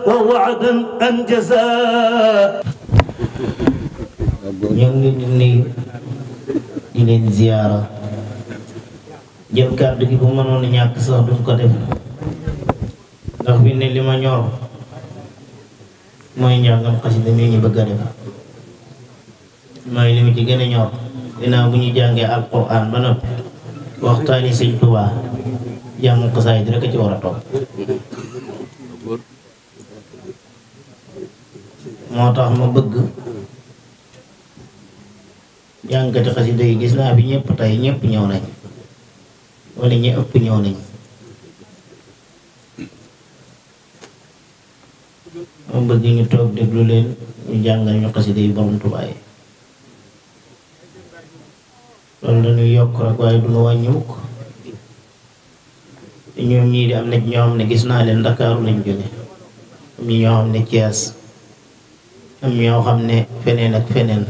ووعد أنجزا ñoo ngi nuyu di leen ziyaara jël kàddu gi bu mënoon a ñàkk sax duñ ko def ndax bi ne li ma ñor mooy njàngam xasida mi ñu bëgg a def mooy li ci gën a ñor dinaa bu ñu jàngee alquran ba noppi waxtaani sëñ Tuubaa jàng xasaayid rek a ci war a toog moo tax ma bëgg jàngkati xasida yi gis naa bi ñëpp tey ñëpp ñëw nañ wala ñi ëpp ñëw nañ ma bëgg ñu toog déglu leen ñu jàngal ñu xasida yi borom Tuubaa loolu la yokk rek waaye du ñu wàññi mukk ñoom ñii de am na ñoo xam ne gis naa leen Ndakaaru lañ jóge am ñi ñoo xam ne am ñoo xam ne feneen ak feneen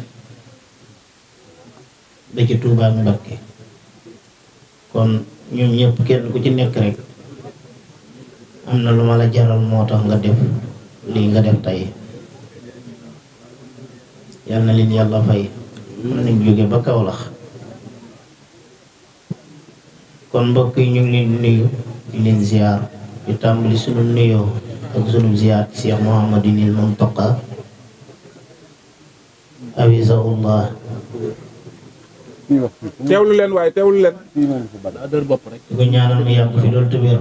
da ci Tuubaa ak Mbakke kon ñoom ñëpp kenn ku ci nekk rek am na lu ma la jaral moo tax nga def lii nga def tey yal na leen yàlla fay mën nañ jóge ba Kawlax kon mbokk yi ñu ngi leen nuyu di leen ziar di tàmbali sunu nuyoo ak sunu ziar ci Cheikh Mouhamadinil Muntaqa awizahullah teewlu leen waaye teewlu leen di ko ñaanal mu yàgg fi loolu tubéer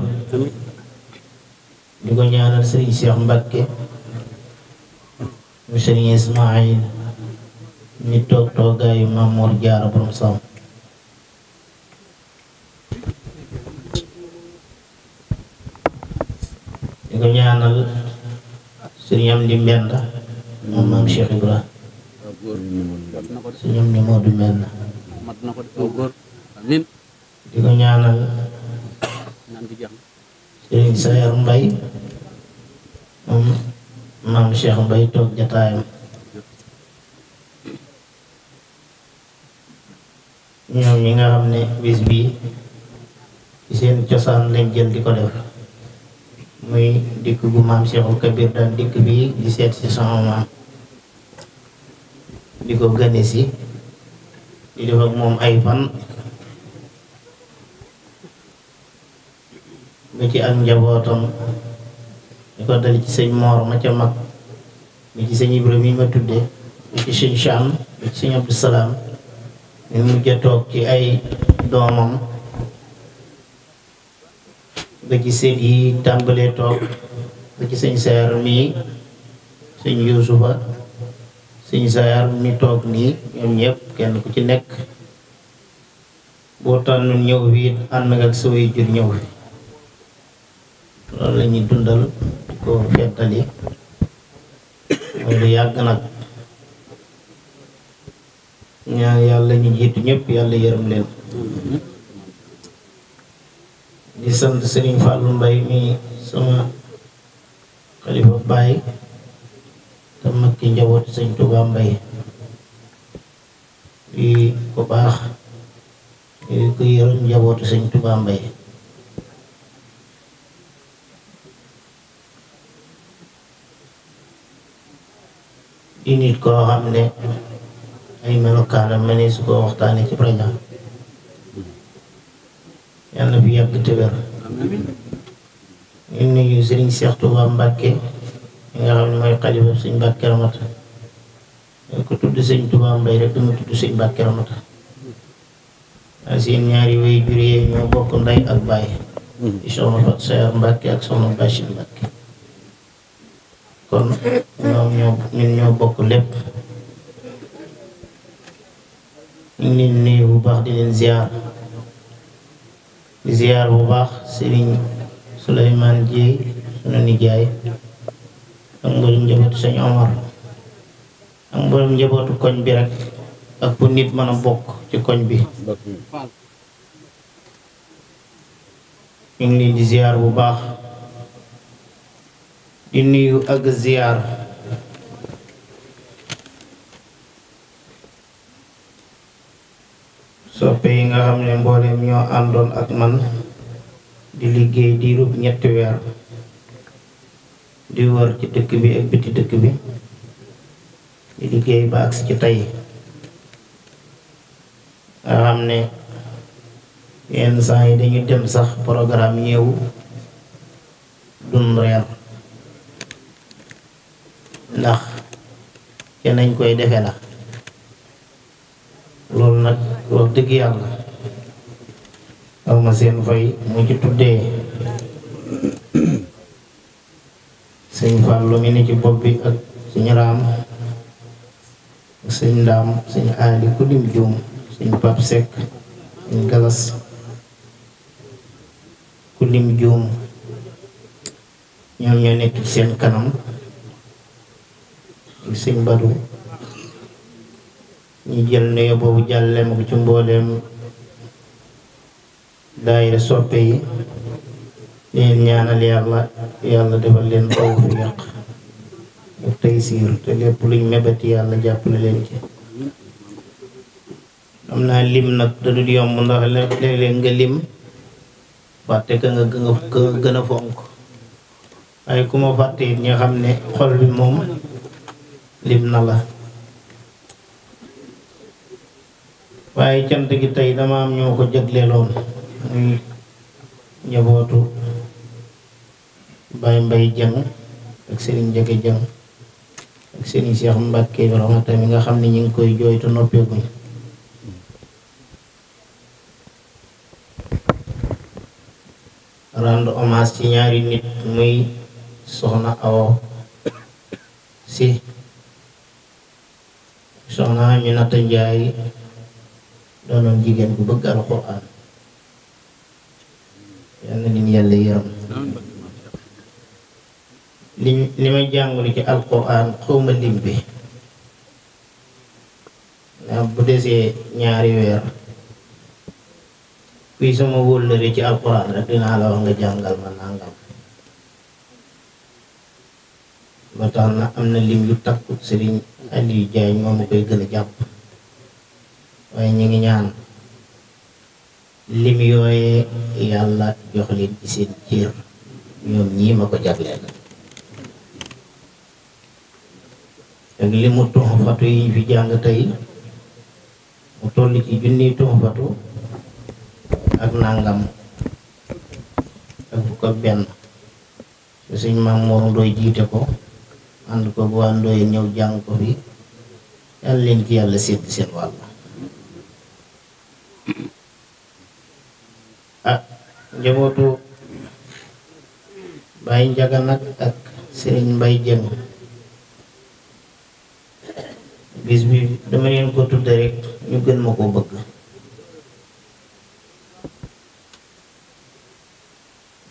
di ko ñaanal sëriñ Cheikh Mbakke mu sëriñ Ismaïl mi toog toogaayu Mamour Jaara borom Sam di ko ñaanal sëriñ Amdi Mbenda moom maam Cheikh Ibrahima sëriñ Amdi Moodu Mbenda di ko ñaanal sëriñ Sayer Mbay moom maam Cheikh Mbay toog jataayam ñoom ñi nga xam ne bis bi ci seen cosaan lañ jël di ko def muy dikk gu maam Cheikhul Kabir daan dikk bii di seet ci sama maam di ko gane di def ak moom ay fan ba ci ak njabootam ñu ci sëñ Mor ma ca mag ba ci sëñ Ibrahima mi ma tudde ba ci sëñ Cham ba ci sëñ Abdou Salaam ñu toog ci ay doomam ba yi tàmbalee toog ba ci sëñ Sayar mii sëñ Yuusufa sëñ Sayar mi toog nii ñoom ñëpp kenn ku ci nekk boo tànn ñëw fii ànd nga ak jur ñëw loolu la ñuy dundal di ko feddali lu yàgg nag ñaan yàlla ñu jiitu ñëpp yàlla yërëm leen di sant Serigne Fallou Mbaye mi sama xalifa baay te ki njaboot Sëñ Touba Mbaye di ko baax di ko yërëm njabootu Sëñ Touba Mbaye ci nit koo xam ne ay melokaanam ma ne su ko waxtaanee ci rajo yàlla na fi yàgg te wér ñu nuyu Serigne Cheikh Touba Mbacke nga xam ne mooy xalifa Sëñ Mbacke Ramata ñu ko tudd Sëñ Touba Mbay rek dama tudd Sëñ Mbacke Ramata ak seen ñaari way juree ñoo bokk ndey ak bàyyi mm-hmm. di soxna Fatou Seye Mbacke ak soxna Bachir kon ñoom ñoo ñun ñoo bokk lépp ñu ngi nuyu bu baax di leen ziar di bu baax Serigne Souleymane Dieye sunu nijaay ak mboolem njabootu Sëñ Omar ak mboolem njabootu koñ bi rek ak bu nit mën a bokk ci koñ bi ñu ngi leen di bu baax di nuyu ak ziar soppe yi nga xam ne mboolem ñoo àndoon ak man di liggéey di ñetti weer di wër ci dëkk bi ak biti dëkk bi di liggéey ba agsi ci tey nga xam ne yenn saa yi dañu dem sax programme ñëw dun reer ndax ca nañ koy defe la loolu nag wax dëgg yàlla aw ma seen fay mu ci tuddee sëñ Fallou mi ne ci bopp bi ak sëñ Raam sëñ Ndaam sëñ Aali ku lim juum sëñ Pap Sekk sëñ Galas ku juum ñoom ñoo nekk ci seen kanam sëñ Badu ñu jël nuyoo boobu jàllale ko ci mbooleem daayira soppe yi leen ñaanal yàlla yàlla defal leen tawfiq ak taysiir te lépp luñ mébét yàlla jàppale leen ci am naa lim nag da dul yomb ndax léeg-léeg nga lim fàtte ka nga gën a fonk waaye ku ma fàtte it ñu xam ne xol bi moom lim na la waaye cant gi tey dama am ñoo ko jagleeloon muy njabootu Baye Mbaye Jeng ak Serigne Jege Jeng ak Serigne Cheikh Mbacke Ramata mi nga xam ne ñu ngi koy jooytu noppeeguñ rendre hommage ci ñaari nit muy soxna Awa si soxna Aminata Njaay doonoon jigéen bu bëgg alxuraan yal na leen yàlla yërëm li li ma jàngul ci alxuraan xawma lim bi ndax bu desee ñaari weer kuy sama wóllëre ci alxuraan rek dinaa la wax nga jàngal ma nangam ba tax na am na lim yu takku Serigne Aliou Diagne moom a koy gën a jàpp waaye ñu ngi ñaan lim yooyee yàlla jox leen ci seen cër ñoom ñii ma ko jagleel ak li mu tuxfatu yi fi jàng tey mu toll ci junniy tuxfatu ak nangam ak bu ko benn su suñ maam Mor Ndoye jiite ko ànd ko bu waa Ndoye ñëw jàng ko fi yàlla leen ci yàlla sédd seen wàll njabootu Baye Njaga nag ak Serigne Mbaye Jeng bis bi dama leen ko tudde rek ñu gën ma ko bëgg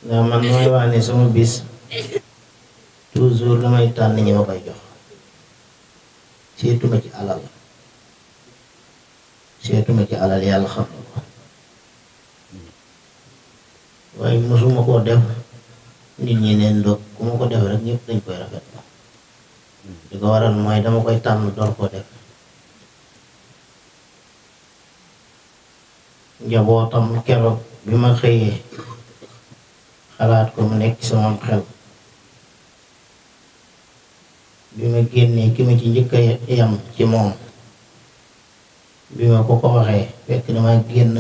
ndax man mooy wax ne sama bis toujours damay tànn ñi ma koy jox seetuma ci alal seetuma ci alal yàlla xam waaye mosuma koo def nit ñi neen doog ku ma ko def rek ñépp dañ koy rafetlu li ko waral mooy dama koy tànn door koo def njabootam keroog bi ma xëyee xalaat ko mu nekk sama xel bi ma génnee ki ma ci njëkk yam ci moom bi ma ko ko waxee fekk dama génn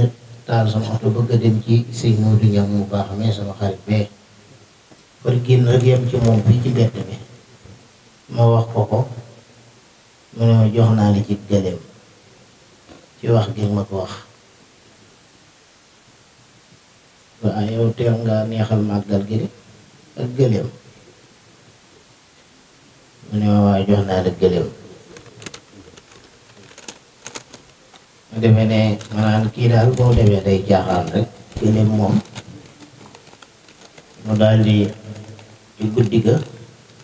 taal sama oto bëgg a dem ci sëñ Moodu ñam mu baax mais sama xarit bee par génn rek yem ci moom fii ci bett bi ma wax ko ko mu ne ma jox naa la ci gëléem ci wax gi ma wax waa yow teel nga neexal màggal gi de ak gëléem mu ne ma waaye jox naa la gëléem ma demee ne maanaam kii daal boo demee day jaaxaan rek kii ne moom mu daal di ci guddi ga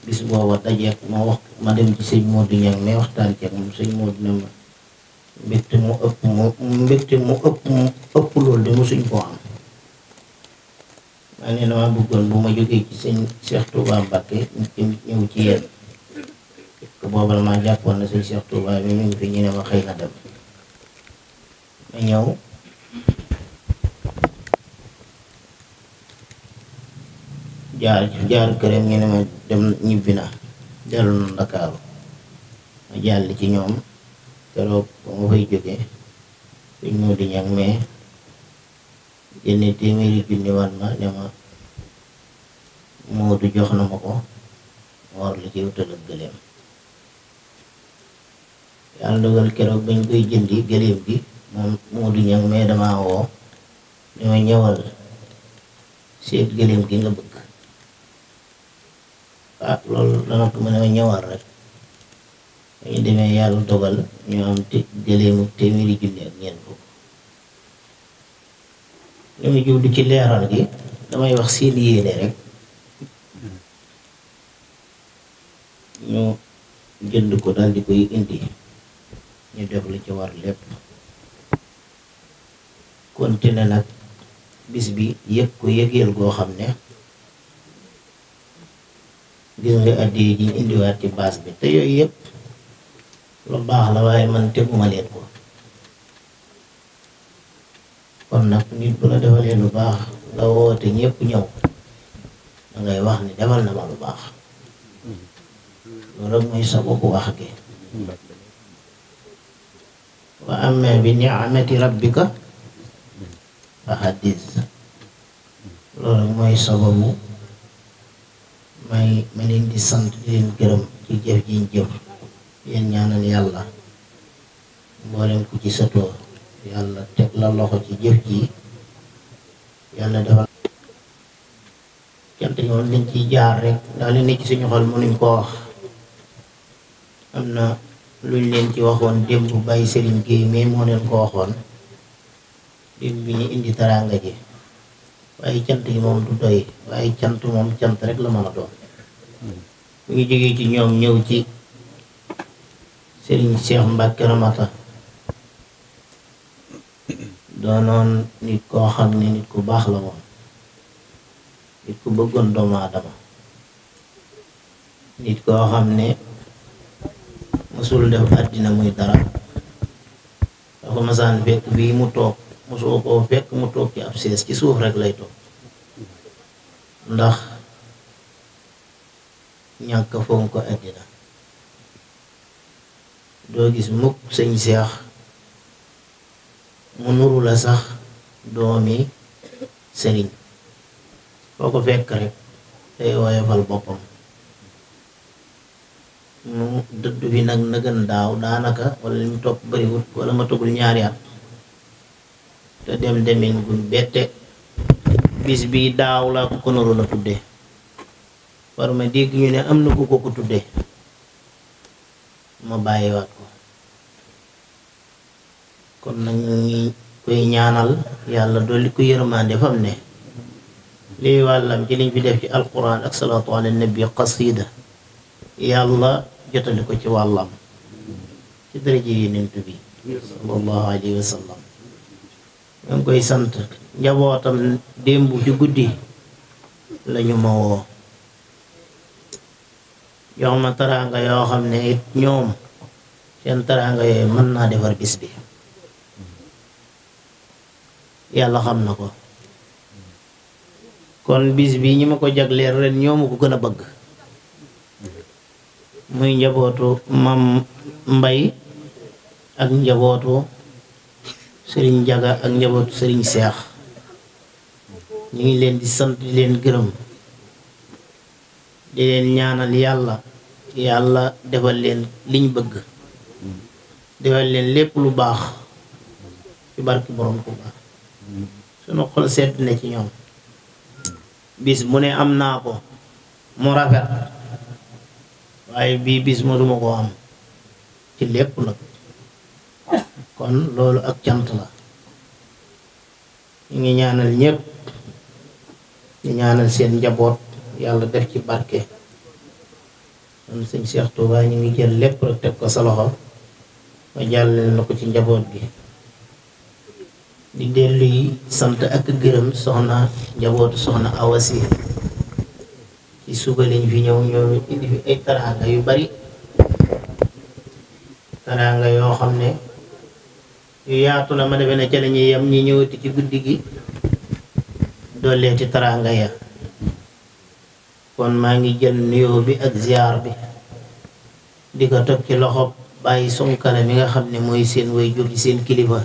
bis booba dajeek ma wax ma dem ci sëñ Modou Niang mais waxtaan ceeg moom sëñ Modou ne ma mbégte mu ëpp mu ëpp loolu de mosuñ koo am maa ne dama bëggoon bu ma jógee ci sëñ Cheikh Touba Mbacke ñu tamit ñëw ci yéen booba maa jàppoon na sëñ Cheikh Touba mi ñu ne ma xëy na dem ñëw jaar jaar këram ñu ne ma dem ñibbi na dellu na Ndakaaru ma jàll ci ñoom keroog ba ma fay jóge dañ ñëw di ñag mais génne téeméeri junni wan ma ne ma Moodu jox na ma ko moor la ci wutal ak gëléem yàlla dogal keroog bañ koy jëndi gëléem gi moom Modou Niang mais damaa woo ni ma ñëwal seet gëléem gi nga bëgg ah loolu danga ko mën a ñëwal rek bu ñu demee yàlla dogal ñu am te gëléemu téeméeri ak ñeent fukk li ma jublu ci leeral gi damay wax seen yéene rek ñu jënd ko dal di koy indi ñu def lu ci war lépp continué nag bis bi yëg ko yëg goo xam ne gis nga addi ji indiwaat ci baas bi te yooyu yëpp lu baax la waaye man teguma ko kon nag nit bu la defalee lu baax nga woote ñëpp ñëw da ngay wax ni demal na ma lu baax loolu mooy sababu wax gi wa amma bi ni'mati rabbika ahadis loolu mooy sababu may ma leen di sant leen gërëm ci jëf jiñ jëf yéen ñaanal yàlla mboolem ku ci satoo yàlla teg la loxo ci jëf ji yàlla defal cant ñoom liñ ciy jaar rek ndax li nekk suñu xol mënuñ koo wax am na luñ leen ci waxoon démb bàyyi Serigne Gueye mais moo leen ko waxoon it bi ñu indi teraanga ji waaye cant yi moom du doy waaye cant moom cant rek la mën a doon hmm. mu ngi jógee ci ñoom ñëw ci Serigne seex Mbacke Ramata doonoon nit koo xam ne nit ku baax la moom nit ku bëggoon doomu aadama koo xam ne mësul def àddina muy dara dafa masaan fekk bii mu toog mosoo koo fekk mu toog ci ab sees ci suuf rek lay toog ndax ñàkk fonk ko àddina doo gis mukk sëñ seex mu nuru la sax doomi sëriñ foo ko fekk rek day woyofal boppam mu dëdd bi nag na gën daaw daanaka wala li mu topp bariwut wala ma togul ñaari at te dem demin guñ bette bis bi daaw laa ko ko naroon a tuddee war ma dégg ñu ne am na ku ko ko tuddee ma bàyyiwaat ko kon nag ñu koy ñaanal yàlla dolli ko yërmande fam ne lii wàllam ci liñ def ci alquran ak salaatu ala nabi yàlla jotali ko ci wàllam ci daraje yi nentu bi sallallahu alayhi wa ñu ngi koy sant njabootam démb ci guddi lañu ma woo jox ma taraanga yoo xam ne ñoom seen taraanga yooyu mën naa defar bis bi yàlla xam na ko kon bis bi ñu ma ko jagleel ren ñoomu ko gën a bëgg muy njabootu mam mbay ak njabootu sëriñ Jaga ak njabootu sëriñ Seex ñu ngi leen di sant di leen gërëm di leen ñaanal yàlla yàlla defal leen liñ bëgg defal leen lépp lu baax ci barki borom ku baax sunu xol sedd na ci ñoom bis mu ne am naa ko mu rafet waaye bii bis ma duma ko am ci lépp nag kon loolu ak cant la ñu ngi ñaanal ñépp ñu ñaanal seen njaboot yàlla def ci barke kon sëñ Cheikh Touba ñu ngi jël lépp rek teg ko sa loxo nga jàllale na ko ci njaboot gi di dellu yi sant ak gërëm soxna njabootu soxna awasi ci suba lañ fi ñëw ñëw indi fi ay taraanga yu bari taraanga yoo xam ne yaatu la ma defe ne ca la ñuy yem ñi ñëwati ci guddi gi dooleeti taraanga ya kon maa ngi jël nuyo bi ak ziar bi di ko teg ci loxo bàyyi sunkale bi nga xam ne mooy seen way jur seen kilifa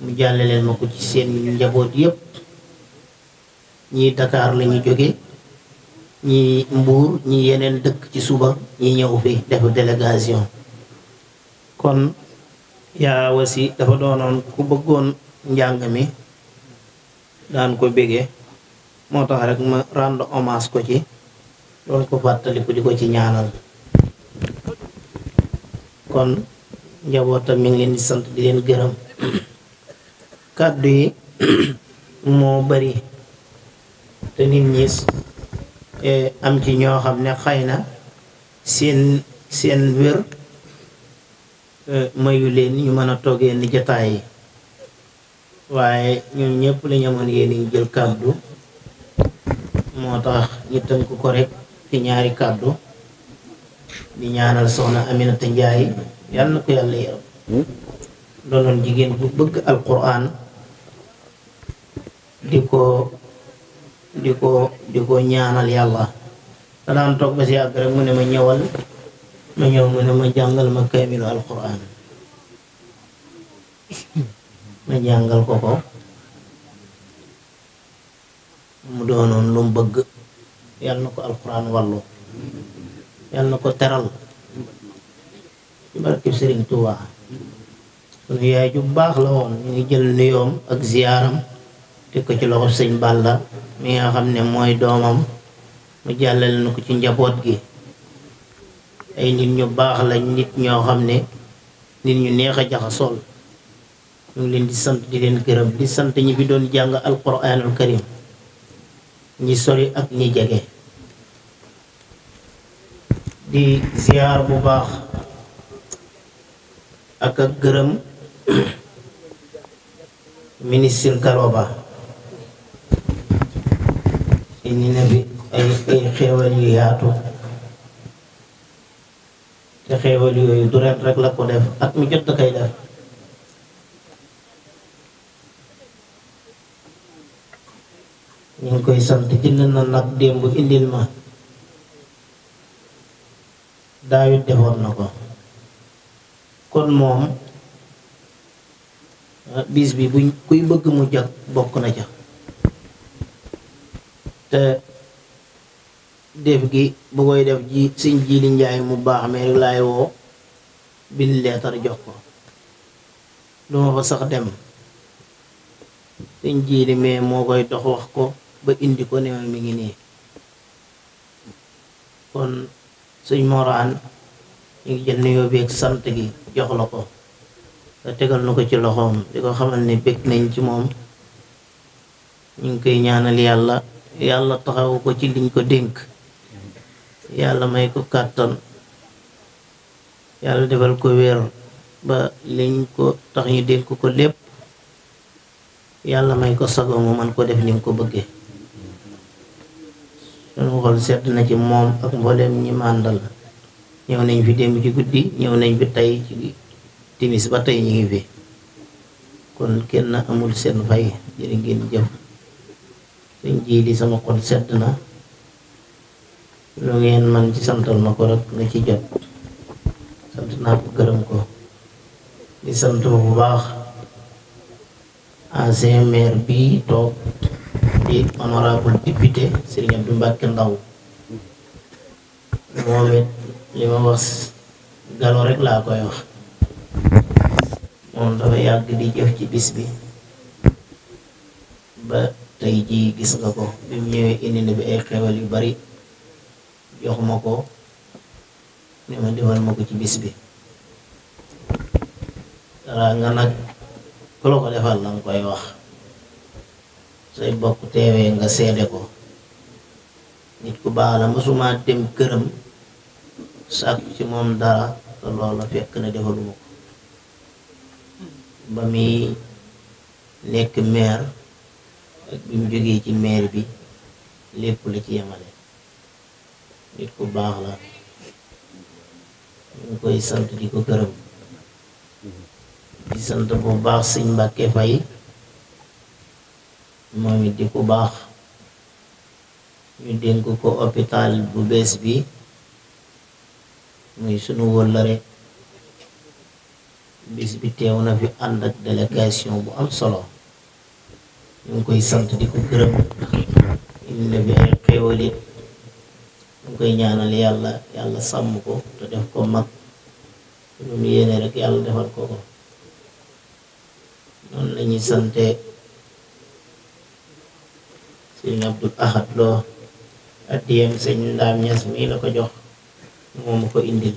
mu jàllaleel ma ko ci seen njaboot yépp ñii Dakar lañu jóge ñi Mbuur ñi yeneen dëkk ci suba ñi ñëw fi def délégation kon yaa wasi dafa doonoon ku bëggoon njàng mi daan ko béggee moo tax rek ma rendre hommage ko ci doon ko fàttaliku di ko ci ñaanal kon njabootam mi ngi leen di sant di leen gërëm kàddu yi moo bari te nit ñi eh, am ci ñoo xam ne xëy na seen seen wér Eh, mayu leen ñu mën a toog yenn jataay waaye ñun ñëpp la ñu amoon yéen ñu jël kàddu moo tax ñu tënk ko rek ci ñaari kàddu di ñaanal soxna Aminata Njaay yal na ko yàlla yaram doonoon jigéen bu bëgg alquran di ko di ko di ko ñaanal yàlla danaan toog ba si yàgg rek mu ne ma ñëwal ma ñëw mu ne ma jàngal ma kaamilu alquran ma jàngal ko ko mu doonoon lu mu bëgg yal na ko alquran wallu yal na ko teral ci barke sëriñ Tuubaa sunu yaay ju baax la woon mu ngi jël nuyoom ak ziyaaram teg ko ci loxo sëñ Balla mi nga xam ne mooy doomam mu jàllale na ko ci njaboot gi ay nit ñu baax lañ nit ñoo xam ne nit ñu neex a jaxasool ñu ngi leen di sant di leen gërëm di sant ñi bi doon jàng alquranul karim ñi soli ak ñi jege di siyaar bu baax ak ak gërëm ministre Garoba indi na bi ay ay yu yaatu te xéewal yooyu du ren rek la ko def ak mu jot da kay def ñu ngi koy sant jënd na nag démb indil ma daawit defoon na ko kon moom ah, biis bi bu kuy bëgg mu jag bokk na ca te def gi bu koy def ji sëñ ji njaay mu baax mee rek laay woo bind leetar jox ko duma fa sax dem sëñ ji li mee moo koy dox wax ko ba indi ko ne ma mi ngi nii kon sëñ moraan ñu ngi jël nuyoo bi sant gi jox la ko nga tegal nu ko ci loxoom di ko xamal ne bég nañ ci moom ñu ngi koy ñaanal yàlla yàlla taxawu ko ci liñ ko dénk yàlla may ko kàttan yàlla defal ko wér ba liñ ko tax ñu del ko ko lépp yàlla may ko sago mu man ko def ni mu ko bëggee sunu xol sedd na ci moom ak mbooleem ñi màndal ñëw nañ fi démb ci guddi ñëw nañ fi tey ci timis ba tey ñu ngi fi kon kenn amul seen fay jërë ngeen jëf suñ ji li sama xol sedd na lu ngeen man ci santal ma ko rek nga ci jot sant naa ko gërëm ko di sant bu baax ancien maire bi toog di honorable député Serigne Abdou Mbacke Ndaw moom it li ma wax galo rek laa koy wax moom dafa yàgg di jëf ci bis bi ba tey jii gis nga ko bi mu ñëwee indi na bi ay xewal yu bari jox ko ne ma defal ma ko ci bis bi dara nga nag ku la ko defal la nga koy wax say bokk teewee nga seede ko nit ku baax la mësuma dem këram sàkku ci moom dara te loola fekk na defaluma ko ba muy nekk maire ak bi mu jógee ci maire bi lépp la ci yemale nit ku baax la ñu koy sant di ko gërëm di sant bu baax sëñ Mbàkke Fay moom it di ku baax ñu dénk ko hôpital bu bees bi muy sunu wëllëre bis bi teew na fi ànd ak délégation bu am solo ñu ngi koy sant di ko gërëm indi na fi ay xéewal mu koy ñaanal yàlla yàlla sàmm ko te def ko mag lu mu yéene rek yàlla defal ko ko noonu la ñuy sante sëñ Abdul Ahad loo addiyam sëñ Ndaam Ñas mii la ko jox moom ko indil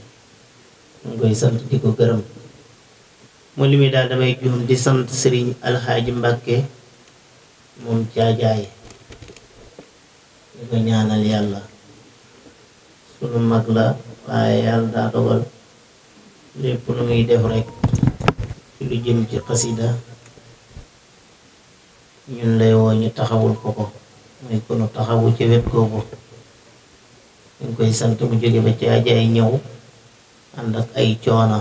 mu koy sant di ko gërëm mu limi daal damay juum di sant sëriñ alxaaji Mbàkke moom jaajaay di ko ñaanal yàlla sunu mag la waaye yàlla daa dogal lépp lu muy def rek ci lu jëm ci xasida ñun lay woo ñu taxawul ko ko muy konu taxawu ci wet googu ñu koy sant bu jóge ba ci ajaay ñëw ànd ak ay coona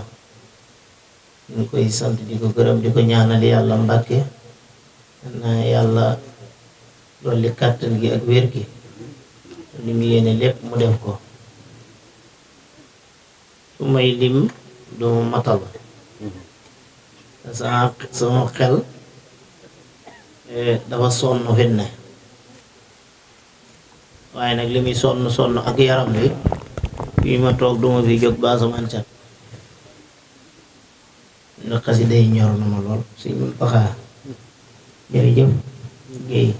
ñu koy sant di ko gërëm di ko ñaanal yàlla mbàkke na yàlla dolli kàttan gi ak wér gi li mu yéene lépp mu def ko su may lim du matal sama xel eh, dafa sonn fitne waaye nag li muy sonn sonn ak yaram bi fii ma toog duma fi jóg ba asamaan cat ndax xasida yi ñor na ma lool si mun paxaa jërëjëf géey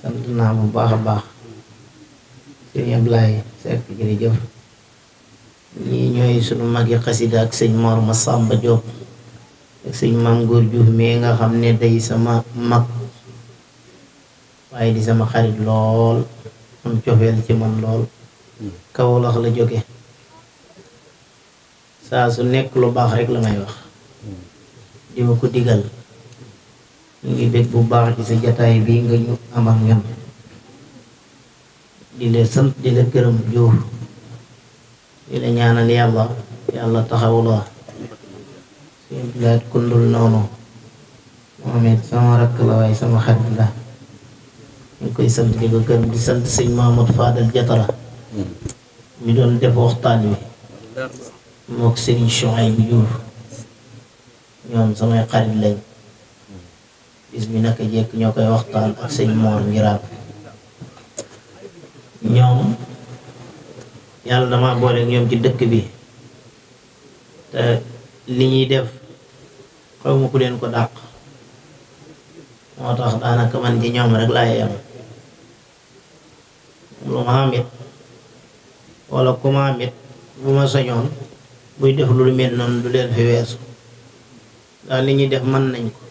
sant naa bu baax a baax sëñ Ablaye Seck lii ñooy sunu magi xasida ak sëñ Mor Massamba Diop ak sëñ Maam Góor Diouf mii nga xam ne day sama mag waaye di sama xarit lool am cofeel ci man lool Kawlax la jóge saa su nekk lu baax rek la may wax di ma ko digal ñu ngi bég bu baax ci sa jataay bii nga ñu am ak ñun di la sant di la gërëm Diouf di la ñaanal yàlla yàlla taxaw la suñu bilaat kundul noonu moom it sama rakk la waaye sama xarit la ñu koy sant di ko gërëm di sant sëñ Mahmoud Fadal Jatara mi doon def waxtaan wi mook sëriñ Chouaïb Diouf ñoom samay xarit lañ bis bi naka jekk ñoo koy waxtaan ak sëñ Mor Ngiraab ñoom yàlla dama boole ñoom ci dëkk bi te li ñuy def xaw ma ku leen ko dàq moo tax daanaka man ci ñoom rek laay yem lu ma am it wala ku ma am bu ma sañoon buy def lu mel noonu du leen fi weesu ndax li ñuy def mën nañ ko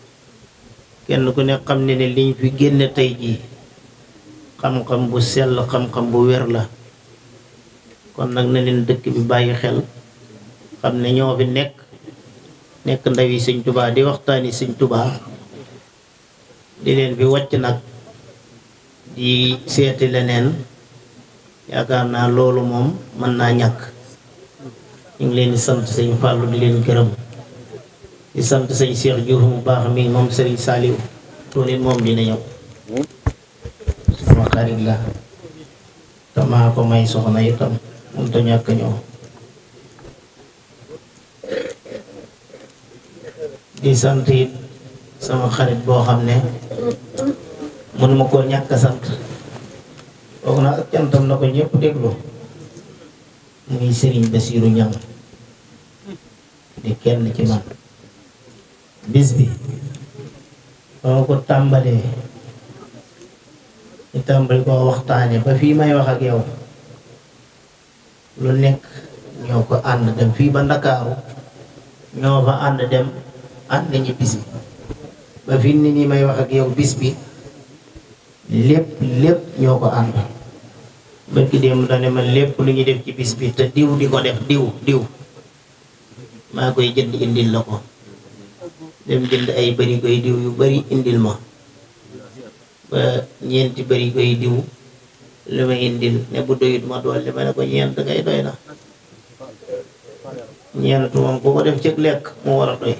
kenn ku ne xam ne ne liñ fi génn tey jii xam-xam bu sell xam-xam bu wér la kon nag na leen dëkk bi bàyyi xel xam ne ñoo fi nekk nekk ndaw yi sëñ tubaa di waxtaani sëñ tubaa di leen fi wacc nag di seeti leneen yaakaar naa loolu moom mën naa ñàkk ñu ngi leen di sant sëñ Fallou di leen gërëm di sant sëñ Cheikh Diouf mu baax mi moom sëriñ Saliou toonit moom dina ñëw sama xarit la tamaa ko may soxna itam mënut a ñàkk ñëw di sant it sama xarit boo xam ne mënuma koo ñàkk sant foog naa ak cantam na ko ñëpp déglu muy Serigne Bassirou Niang di kenn ci man bis bi dama ko tàmbalee ñu tàmbali koo waxtaane ba fii may wax ak yow lu nekk ñoo ko ànd dem fii ba ndakaaru ñoo fa ànd dem ànd ñi bis ba fi nit ñi may wax ak yow bis bi lépp lépp ñoo ko ànd bërki démb dane ma lépp lu ñu def ci bis bi te diw di ko def diw diw maa koy jënd indil la ko dem jënd ay bari koy diw yu bari indil ma ba ñeenti bari koy diw li ma indil ne bu doyut ma dolli ma ne ko ñeent ngay doy na ñeent moom ku ko def cëg lekk mu war a doy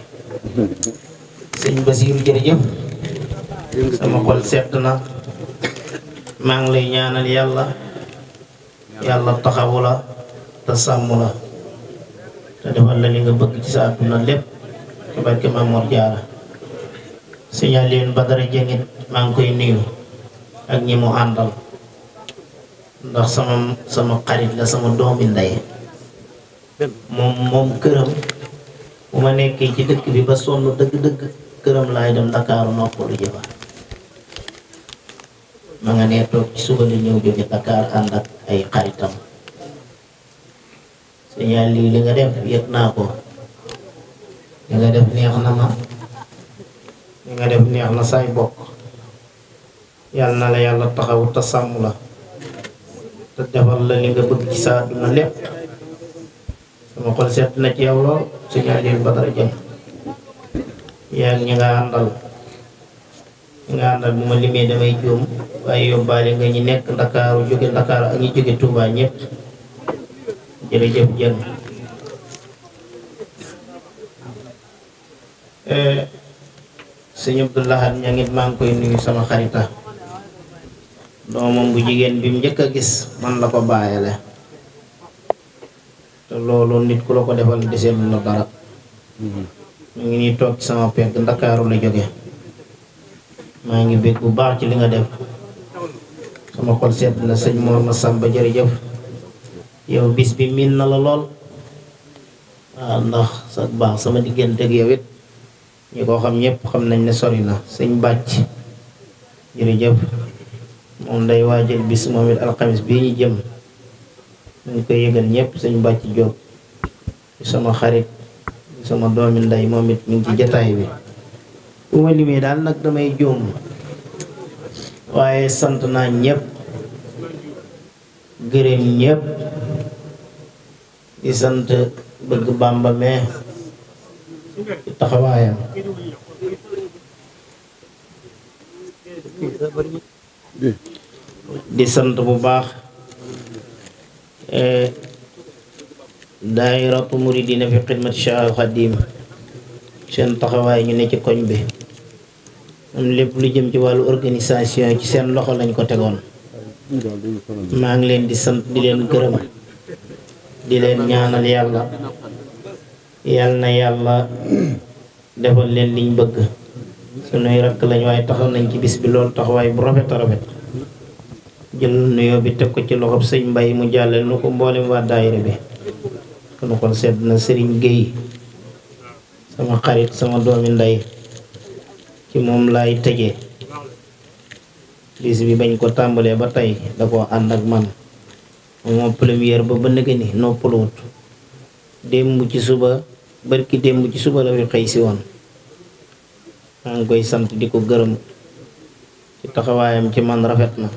sëñ Basiiru jërëjëf sama xol sedd na maa ngi lay ñaanal yàlla yàlla taxawu la te sàmm la te defal la li nga bëgg ci sa àdduna lépp ci barke Mamoor Jaara sëñ Aliou Badara Jëngit maa ngi koy nuyu ak ñi mu àndal ndax sama sama xarit la sama doomi ndey moom moom këram bu ma nekkee ci dëkk bi ba sonn dëgg-dëgg këram laay dem Ndakaaru noppalu ji fa ma nga nee toog ci suba la ñëw jóge Dakar ànd ak ay xaritam su ñaar lii li nga dem yëg naa ko li nga def neex na ma li nga def neex na saay bokk yàlla na la yàlla taxawu te sàmm la defal la li nga bëgg ci saa dina lépp sama xol sedd na ci yow lool sëñ Aliou Badara Dieng yaa ñi nga àndal ñi nga àndal bu ma limee damay juum waaye yóbbaale nga ñi nekk Ndakaaru jóge Ndakaaru ak ñi jóge Touba ñëpp jërëjëf Dieng eh, sëñ Abdoul Ahad ña ngit maa ngi koy nuyu sama xarita doomam bu jigéen bi mu njëkk a gis man la ko bàyyele te looloon nit ku la ko defal deseelu la dara mhm. mu ngi nii toog ci sama pegg ndakaaru la jóge maa ngi bég bu baax ci li nga def sama xol sedd na sëñ Mor Massamba jërëjëf yow bis bi miin na la lool waaw ah, ndax sa baax sama diggante ak yow it ko xam ñëpp xam nañ ne sori na sëñ bàcc jërëjëf moom day waajal bis moom it alxamis bii ñu jëm ñu ngi koy yëgal ñëpp suñu bàcc jóg sama xarit sama doomi ndey moom it mi ngi ci jataay bi bu ma limee daal nag damay juum waaye sant naa ñëpp gërëm ñëpp di sant bëgg Bàmba mee taxawaayam di sant bu baax eh, daayiratu muridina fi xidmati Cheikh Xadim seen taxawaay ñu ne ci koñ bi lépp lu jëm ci wàllu organisation ci seen loxo lañ ko tegoon maa ngi leen di sant di leen gërëm di leen ñaanal yàlla yàlla na yàlla defal leen liñ bëgg sunuy rakk lañu waaye taxaw nañ ci bis bi loolu taxawaay bu rafet rafet jël nuyoo bi teg ko ci loxob sëñ mbay mu jàllale nu ko mboolem waa daayira bi kon kon sedd na sëriñ Gueye sama xarit sama doomi ndey ci moom laay tëjee bis bi bañ ko tàmbalee ba tey da ko ànd ak man moom première ba ba nëgë noppaluwut démb ci suba barki démb ci suba la fi xëy si woon maa koy sant di ko gërëm ci taxawaayam ci man rafet na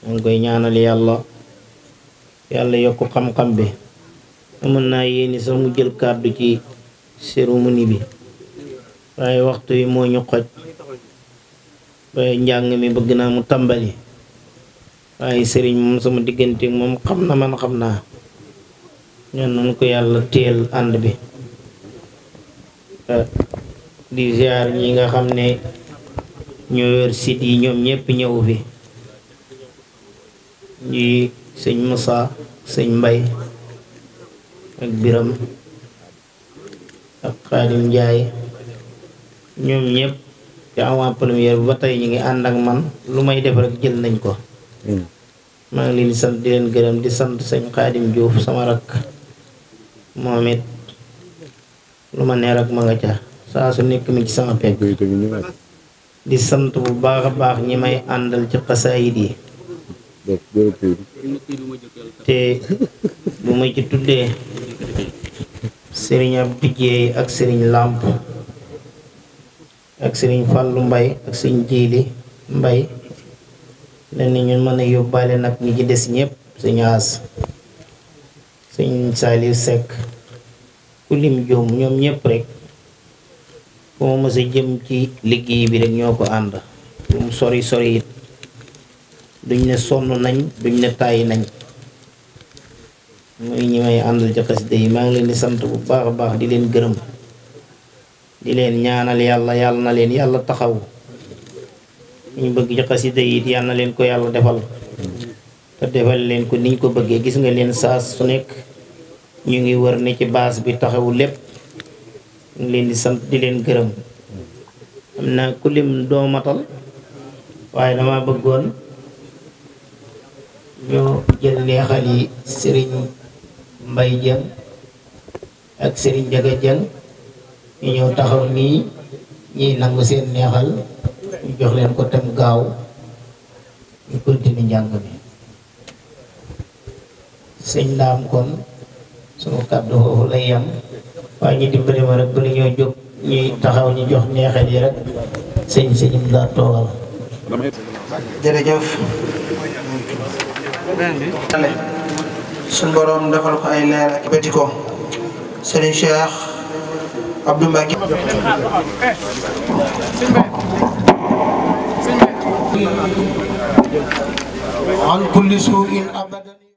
mu ngi koy ñaanal yàlla yàlla yokk xam-xam bi amoon naa yéeni sax mu jël kàddu ci cérémonie bi waaye waxtu yi moo ñu xoj ba njàng mi bëgg naa mu tàmbali waaye sëriñ moom sama diggante moom xam na man xam naa ñoon nañu ko yàlla teel ànd bi di ziar nga xam ne ñoo yor sit yi ñoom ñépp ñëw fi ñuy sëñ Moussa sëñ Mbay ak Biram ak Xaadim Njaay ñoom ñëpp ci avant première bi ba tey ñu ngi ànd ak man lu may def rek jël nañ ko hmm. maa ngi leen di sant di leen gërëm di sant sëñ Xaadim Diouf sama rakk moom it lu ma nee rek ma nga ca saa su nekk mi ci sama pegg di sant bu baax a baax ñi may àndal ci xasaayid yi te bu ma ci tuddee sëriñ ab tijjeey ak sëriñ làmp ak sëriñ fàllu mbay ak sëriñ jiili mbay la ni ñu mën a yóbbaale nag ñi ci des ñépp suñu aas suñ saaliw sekk ku lim joom ñoom ñépp rek fu ma jëm ci liggéey bi rek ñoo ko ànd lu sori sori it duñ ne sonn nañ duñ ne tàyyi nañ mooy ñi may àndal ci xasida yi maa ngi leen di sant bu baax a baax di leen gërëm di leen ñaanal yàlla yàlla na leen yàlla taxaw ñu bëgg ci xasida yi yàlla na leen ko yàlla defal te defal leen ko niñ ko bëggee gis nga leen saas su nekk ñu ngi wër ne ci baas bi taxaw lépp ñu leen di sant di leen gërëm am naa ku lim waaye dama bëggoon ñu jël neexal yi sëriñ mbay jëng ak sëriñ njaga jëng ñu ñëw taxaw nii ñuy nangu seen neexal ñu jox leen ko tam gaaw ñu continue njàng mi sëñ ndaam kon sunu kàddu foofu lay yam waaye ñu dimbali ma rek ba ñoo jóg ñuy taxaw ñu jox neexal yi rek sëñ sëñum daa toogal suñ borom defal ko ay leer ak bëti ko Serigne Cheikh Abdou Mbacke an kulli suu'in abadan